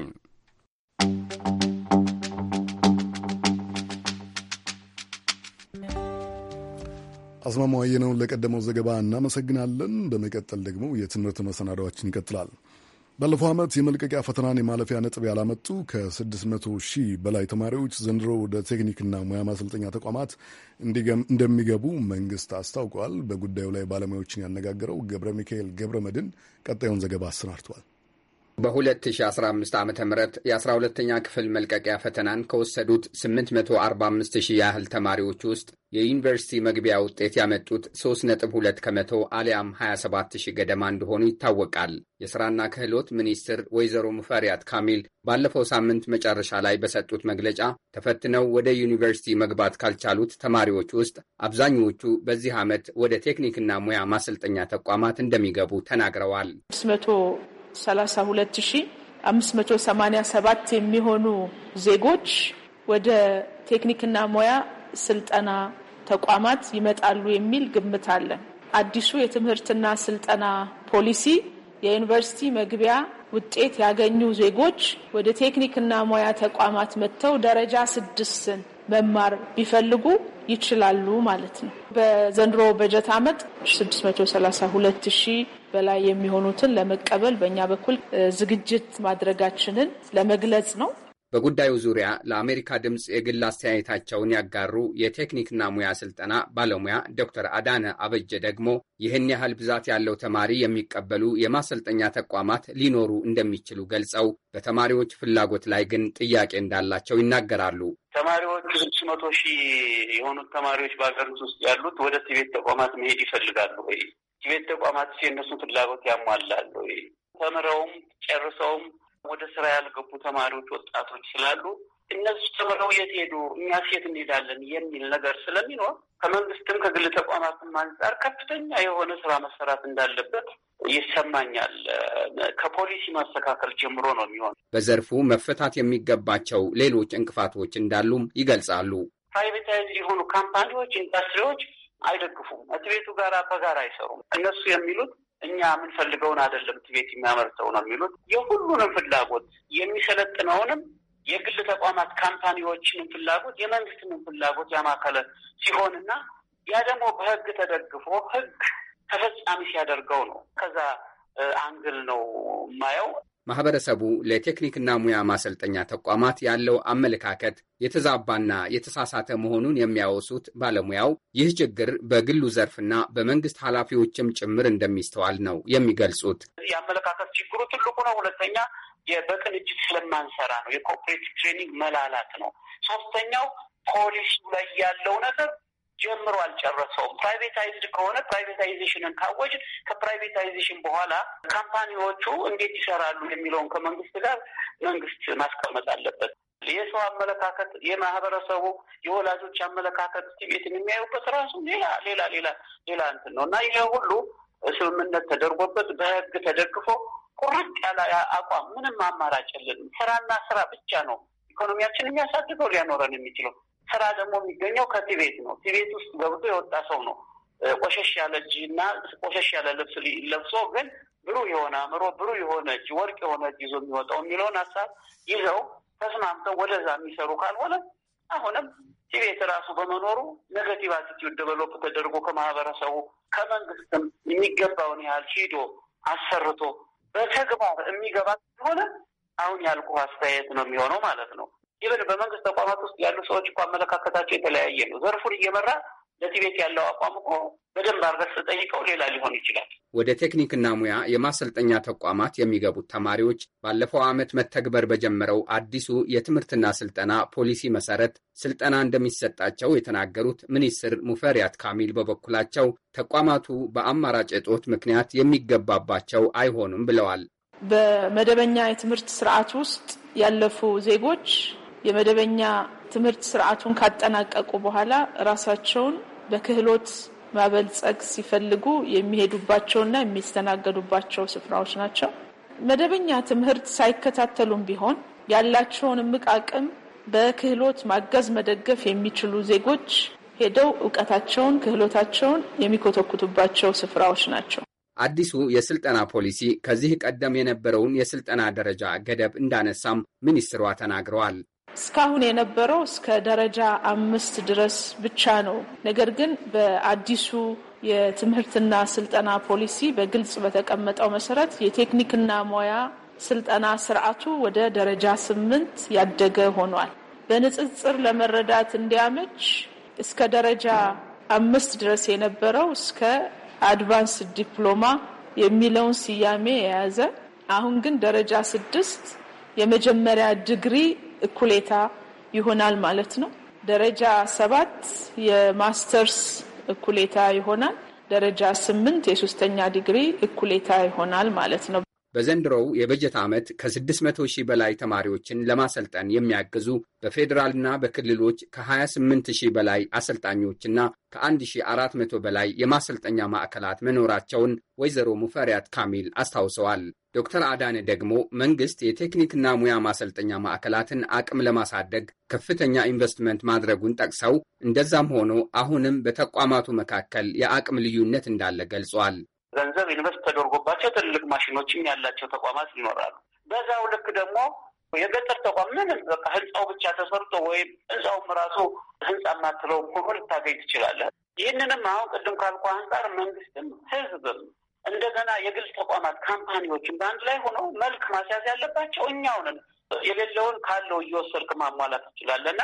Speaker 1: አስማማው አየነውን ለቀደመው ዘገባ እናመሰግናለን። በመቀጠል ደግሞ የትምህርት መሰናዳዎችን ይቀጥላል። ባለፈው ዓመት የመልቀቂያ ፈተናን የማለፊያ ነጥብ ያላመጡ ከ600 ሺህ በላይ ተማሪዎች ዘንድሮ ወደ ቴክኒክና ሙያ ማሰልጠኛ ተቋማት እንደሚገቡ መንግሥት አስታውቋል። በጉዳዩ ላይ ባለሙያዎችን ያነጋገረው ገብረ ሚካኤል ገብረ መድን ቀጣዩን ዘገባ አሰናድቷል።
Speaker 2: በ2015 ዓ ም የ 12 ተኛ ክፍል መልቀቂያ ፈተናን ከወሰዱት 845 ያህል ተማሪዎች ውስጥ የዩኒቨርሲቲ መግቢያ ውጤት ያመጡት 3.2 ከመቶ አሊያም 27 ገደማ እንደሆኑ ይታወቃል። የሥራና ክህሎት ሚኒስትር ወይዘሮ ሙፈሪያት ካሚል ባለፈው ሳምንት መጨረሻ ላይ በሰጡት መግለጫ ተፈትነው ወደ ዩኒቨርሲቲ መግባት ካልቻሉት ተማሪዎች ውስጥ አብዛኞቹ በዚህ ዓመት ወደ ቴክኒክና ሙያ ማሰልጠኛ ተቋማት እንደሚገቡ ተናግረዋል።
Speaker 10: 32587 የሚሆኑ ዜጎች ወደ ቴክኒክና ሙያ ስልጠና ተቋማት ይመጣሉ የሚል ግምት አለ። አዲሱ የትምህርትና ስልጠና ፖሊሲ የዩኒቨርሲቲ መግቢያ ውጤት ያገኙ ዜጎች ወደ ቴክኒክና ሙያ ተቋማት መጥተው ደረጃ ስድስትን መማር ቢፈልጉ ይችላሉ ማለት ነው። በዘንድሮ በጀት ዓመት 632 በላይ የሚሆኑትን ለመቀበል በእኛ በኩል ዝግጅት ማድረጋችንን ለመግለጽ ነው።
Speaker 2: በጉዳዩ ዙሪያ ለአሜሪካ ድምፅ የግል አስተያየታቸውን ያጋሩ የቴክኒክና ሙያ ስልጠና ባለሙያ ዶክተር አዳነ አበጀ ደግሞ ይህን ያህል ብዛት ያለው ተማሪ የሚቀበሉ የማሰልጠኛ ተቋማት ሊኖሩ እንደሚችሉ ገልጸው በተማሪዎች ፍላጎት ላይ ግን ጥያቄ እንዳላቸው ይናገራሉ።
Speaker 5: ተማሪዎች ስድስት መቶ ሺህ የሆኑት ተማሪዎች በሀገሪቱ ውስጥ ያሉት ወደ ትቤት ተቋማት መሄድ ይፈልጋሉ ወይ? የቤት ተቋማት የእነሱን ፍላጎት ያሟላሉ። ተምረውም ጨርሰውም ወደ ስራ ያልገቡ ተማሪዎች፣ ወጣቶች ስላሉ እነሱ ተምረው የት ሄዱ እኛ ሴት እንሄዳለን የሚል ነገር ስለሚኖር ከመንግስትም ከግል ተቋማትም አንጻር ከፍተኛ የሆነ ስራ መሰራት እንዳለበት ይሰማኛል። ከፖሊሲ ማስተካከል ጀምሮ ነው የሚሆን።
Speaker 2: በዘርፉ መፈታት የሚገባቸው ሌሎች እንቅፋቶች እንዳሉም ይገልጻሉ።
Speaker 5: ፕራይቬታይዝ የሆኑ ካምፓኒዎች፣ ኢንዱስትሪዎች አይደግፉም። እት ቤቱ ጋር በጋራ አይሰሩም። እነሱ የሚሉት እኛ የምንፈልገውን አይደለም እት ቤት የሚያመርተው ነው የሚሉት። የሁሉንም ፍላጎት የሚሰለጥነውንም የግል ተቋማት ካምፓኒዎችንም ፍላጎት የመንግስትንም ፍላጎት ያማከለ ሲሆንና ያ ደግሞ በህግ ተደግፎ ህግ ተፈጻሚ ሲያደርገው ነው። ከዛ አንግል ነው የማየው።
Speaker 2: ማህበረሰቡ ለቴክኒክና ሙያ ማሰልጠኛ ተቋማት ያለው አመለካከት የተዛባና የተሳሳተ መሆኑን የሚያወሱት ባለሙያው ይህ ችግር በግሉ ዘርፍና በመንግስት ኃላፊዎችም ጭምር እንደሚስተዋል ነው የሚገልጹት።
Speaker 5: የአመለካከት ችግሩ ትልቁ ነው። ሁለተኛ በቅንጅት ስለማንሰራ ነው። የኮኦፕሬቲቭ ትሬኒንግ መላላት ነው። ሶስተኛው ፖሊሲው ላይ ያለው ነገር ጀምሮ አልጨረሰውም። ፕራይቬታይዝድ ከሆነ ፕራይቬታይዜሽንን ካወጅ ከፕራይቬታይዜሽን በኋላ ካምፓኒዎቹ እንዴት ይሰራሉ የሚለውን ከመንግስት ጋር መንግስት ማስቀመጥ አለበት። የሰው አመለካከት፣ የማህበረሰቡ የወላጆች አመለካከት ቤትን የሚያዩበት ራሱ ሌላ ሌላ ሌላ ሌላ እንትን ነው እና ይሄ ሁሉ ስምምነት ተደርጎበት በህግ ተደግፎ ቁርጥ ያለ አቋም ምንም አማራጭ የለንም። ስራና ስራ ብቻ ነው ኢኮኖሚያችን የሚያሳድገው ሊያኖረን የሚችለው ስራ ደግሞ የሚገኘው ከቲቤት ነው። ቲቤት ውስጥ ገብቶ የወጣ ሰው ነው ቆሸሽ ያለ እጅ እና ቆሸሽ ያለ ልብስ ለብሶ ግን ብሩህ የሆነ አእምሮ፣ ብሩህ የሆነ እጅ፣ ወርቅ የሆነ እጅ ይዞ የሚወጣው የሚለውን ሀሳብ ይዘው ተስማምተው ወደዛ የሚሰሩ ካልሆነ አሁንም ቲቤት ራሱ በመኖሩ ኔጋቲቭ አቲቲዩድ ደቨሎፕ ተደርጎ ከማህበረሰቡ ከመንግስትም የሚገባውን ያህል ሂዶ አሰርቶ በተግባር የሚገባ ከሆነ አሁን ያልኩ አስተያየት ነው የሚሆነው ማለት ነው። ይበል በመንግስት ተቋማት ውስጥ ያሉ ሰዎች እኮ አመለካከታቸው የተለያየ ነው። ዘርፉን እየመራ ለቲቤት ያለው አቋም እኮ በደንብ አርገስ ስጠይቀው ሌላ ሊሆን ይችላል።
Speaker 2: ወደ ቴክኒክና ሙያ የማሰልጠኛ ተቋማት የሚገቡት ተማሪዎች ባለፈው ዓመት መተግበር በጀመረው አዲሱ የትምህርትና ስልጠና ፖሊሲ መሰረት ስልጠና እንደሚሰጣቸው የተናገሩት ሚኒስትር ሙፈሪያት ካሚል በበኩላቸው ተቋማቱ በአማራጭ እጦት ምክንያት የሚገባባቸው አይሆኑም ብለዋል።
Speaker 10: በመደበኛ የትምህርት ስርዓት ውስጥ ያለፉ ዜጎች የመደበኛ ትምህርት ስርዓቱን ካጠናቀቁ በኋላ ራሳቸውን በክህሎት ማበልጸግ ሲፈልጉ የሚሄዱባቸውና የሚስተናገዱባቸው ስፍራዎች ናቸው። መደበኛ ትምህርት ሳይከታተሉም ቢሆን ያላቸውን እምቅ አቅም በክህሎት ማገዝ፣ መደገፍ የሚችሉ ዜጎች ሄደው እውቀታቸውን፣ ክህሎታቸውን የሚኮተኩቱባቸው ስፍራዎች ናቸው። አዲሱ
Speaker 2: የስልጠና ፖሊሲ ከዚህ ቀደም የነበረውን የስልጠና ደረጃ ገደብ እንዳነሳም ሚኒስትሯ ተናግረዋል።
Speaker 10: እስካሁን የነበረው እስከ ደረጃ አምስት ድረስ ብቻ ነው። ነገር ግን በአዲሱ የትምህርትና ስልጠና ፖሊሲ በግልጽ በተቀመጠው መሰረት የቴክኒክና ሙያ ስልጠና ስርዓቱ ወደ ደረጃ ስምንት ያደገ ሆኗል። በንጽጽር ለመረዳት እንዲያመች እስከ ደረጃ አምስት ድረስ የነበረው እስከ አድቫንስ ዲፕሎማ የሚለውን ስያሜ የያዘ አሁን ግን ደረጃ ስድስት የመጀመሪያ ድግሪ እኩሌታ ይሆናል ማለት ነው። ደረጃ ሰባት የማስተርስ እኩሌታ ይሆናል። ደረጃ ስምንት የሶስተኛ ዲግሪ እኩሌታ ይሆናል ማለት ነው።
Speaker 2: በዘንድሮው የበጀት ዓመት ከ600 ሺህ በላይ ተማሪዎችን ለማሰልጠን የሚያግዙ በፌዴራልና በክልሎች ከ28 ሺህ በላይ አሰልጣኞችና ከ1400 በላይ የማሰልጠኛ ማዕከላት መኖራቸውን ወይዘሮ ሙፈሪያት ካሚል አስታውሰዋል። ዶክተር አዳነ ደግሞ መንግሥት የቴክኒክና ሙያ ማሰልጠኛ ማዕከላትን አቅም ለማሳደግ ከፍተኛ ኢንቨስትመንት ማድረጉን ጠቅሰው እንደዛም ሆኖ አሁንም በተቋማቱ መካከል የአቅም ልዩነት እንዳለ ገልጿል።
Speaker 5: ገንዘብ ኢንቨስት ተደርጎባቸው ትልልቅ ማሽኖችም ያላቸው ተቋማት ይኖራሉ። በዛው ልክ ደግሞ የገጠር ተቋም ምንም በቃ ህንፃው ብቻ ተሰርቶ ወይም ህንፃውም ራሱ ህንፃ ማትለው ሆኖ ልታገኝ ትችላለህ። ይህንንም አሁን ቅድም ካልኩ አንጻር መንግስትም ህዝብም እንደገና የግል ተቋማት ካምፓኒዎችም በአንድ ላይ ሆኖ መልክ ማስያዝ ያለባቸው እኛውንን የሌለውን ካለው እየወሰድክ ማሟላት ትችላለህ እና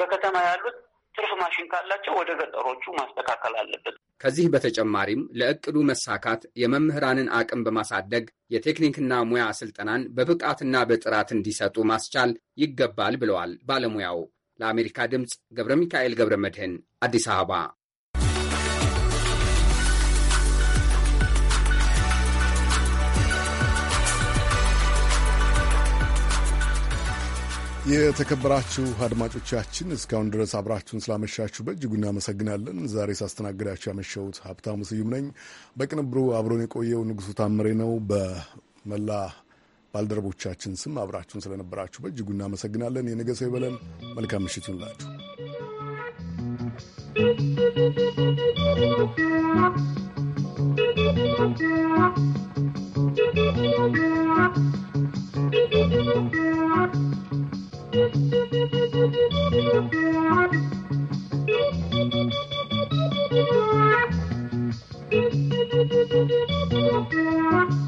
Speaker 5: በከተማ ያሉት ትርፍ ማሽን ካላቸው ወደ ገጠሮቹ ማስተካከል
Speaker 2: አለበት። ከዚህ በተጨማሪም ለእቅዱ መሳካት የመምህራንን አቅም በማሳደግ የቴክኒክና ሙያ ስልጠናን በብቃትና በጥራት እንዲሰጡ ማስቻል ይገባል ብለዋል ባለሙያው። ለአሜሪካ ድምፅ ገብረ ሚካኤል ገብረ መድህን አዲስ አበባ
Speaker 1: የተከበራችሁ አድማጮቻችን እስካሁን ድረስ አብራችሁን ስላመሻችሁ በእጅጉ እናመሰግናለን። ዛሬ ሳስተናግዳችሁ ያመሸሁት ሀብታሙ ስዩም ነኝ። በቅንብሩ አብሮን የቆየው ንጉሱ ታምሬ ነው። በመላ ባልደረቦቻችን ስም አብራችሁን ስለነበራችሁ በእጅጉ እናመሰግናለን። የነገ ሰው ይበለን። መልካም ምሽት ይሁንላችሁ።
Speaker 6: Thank you.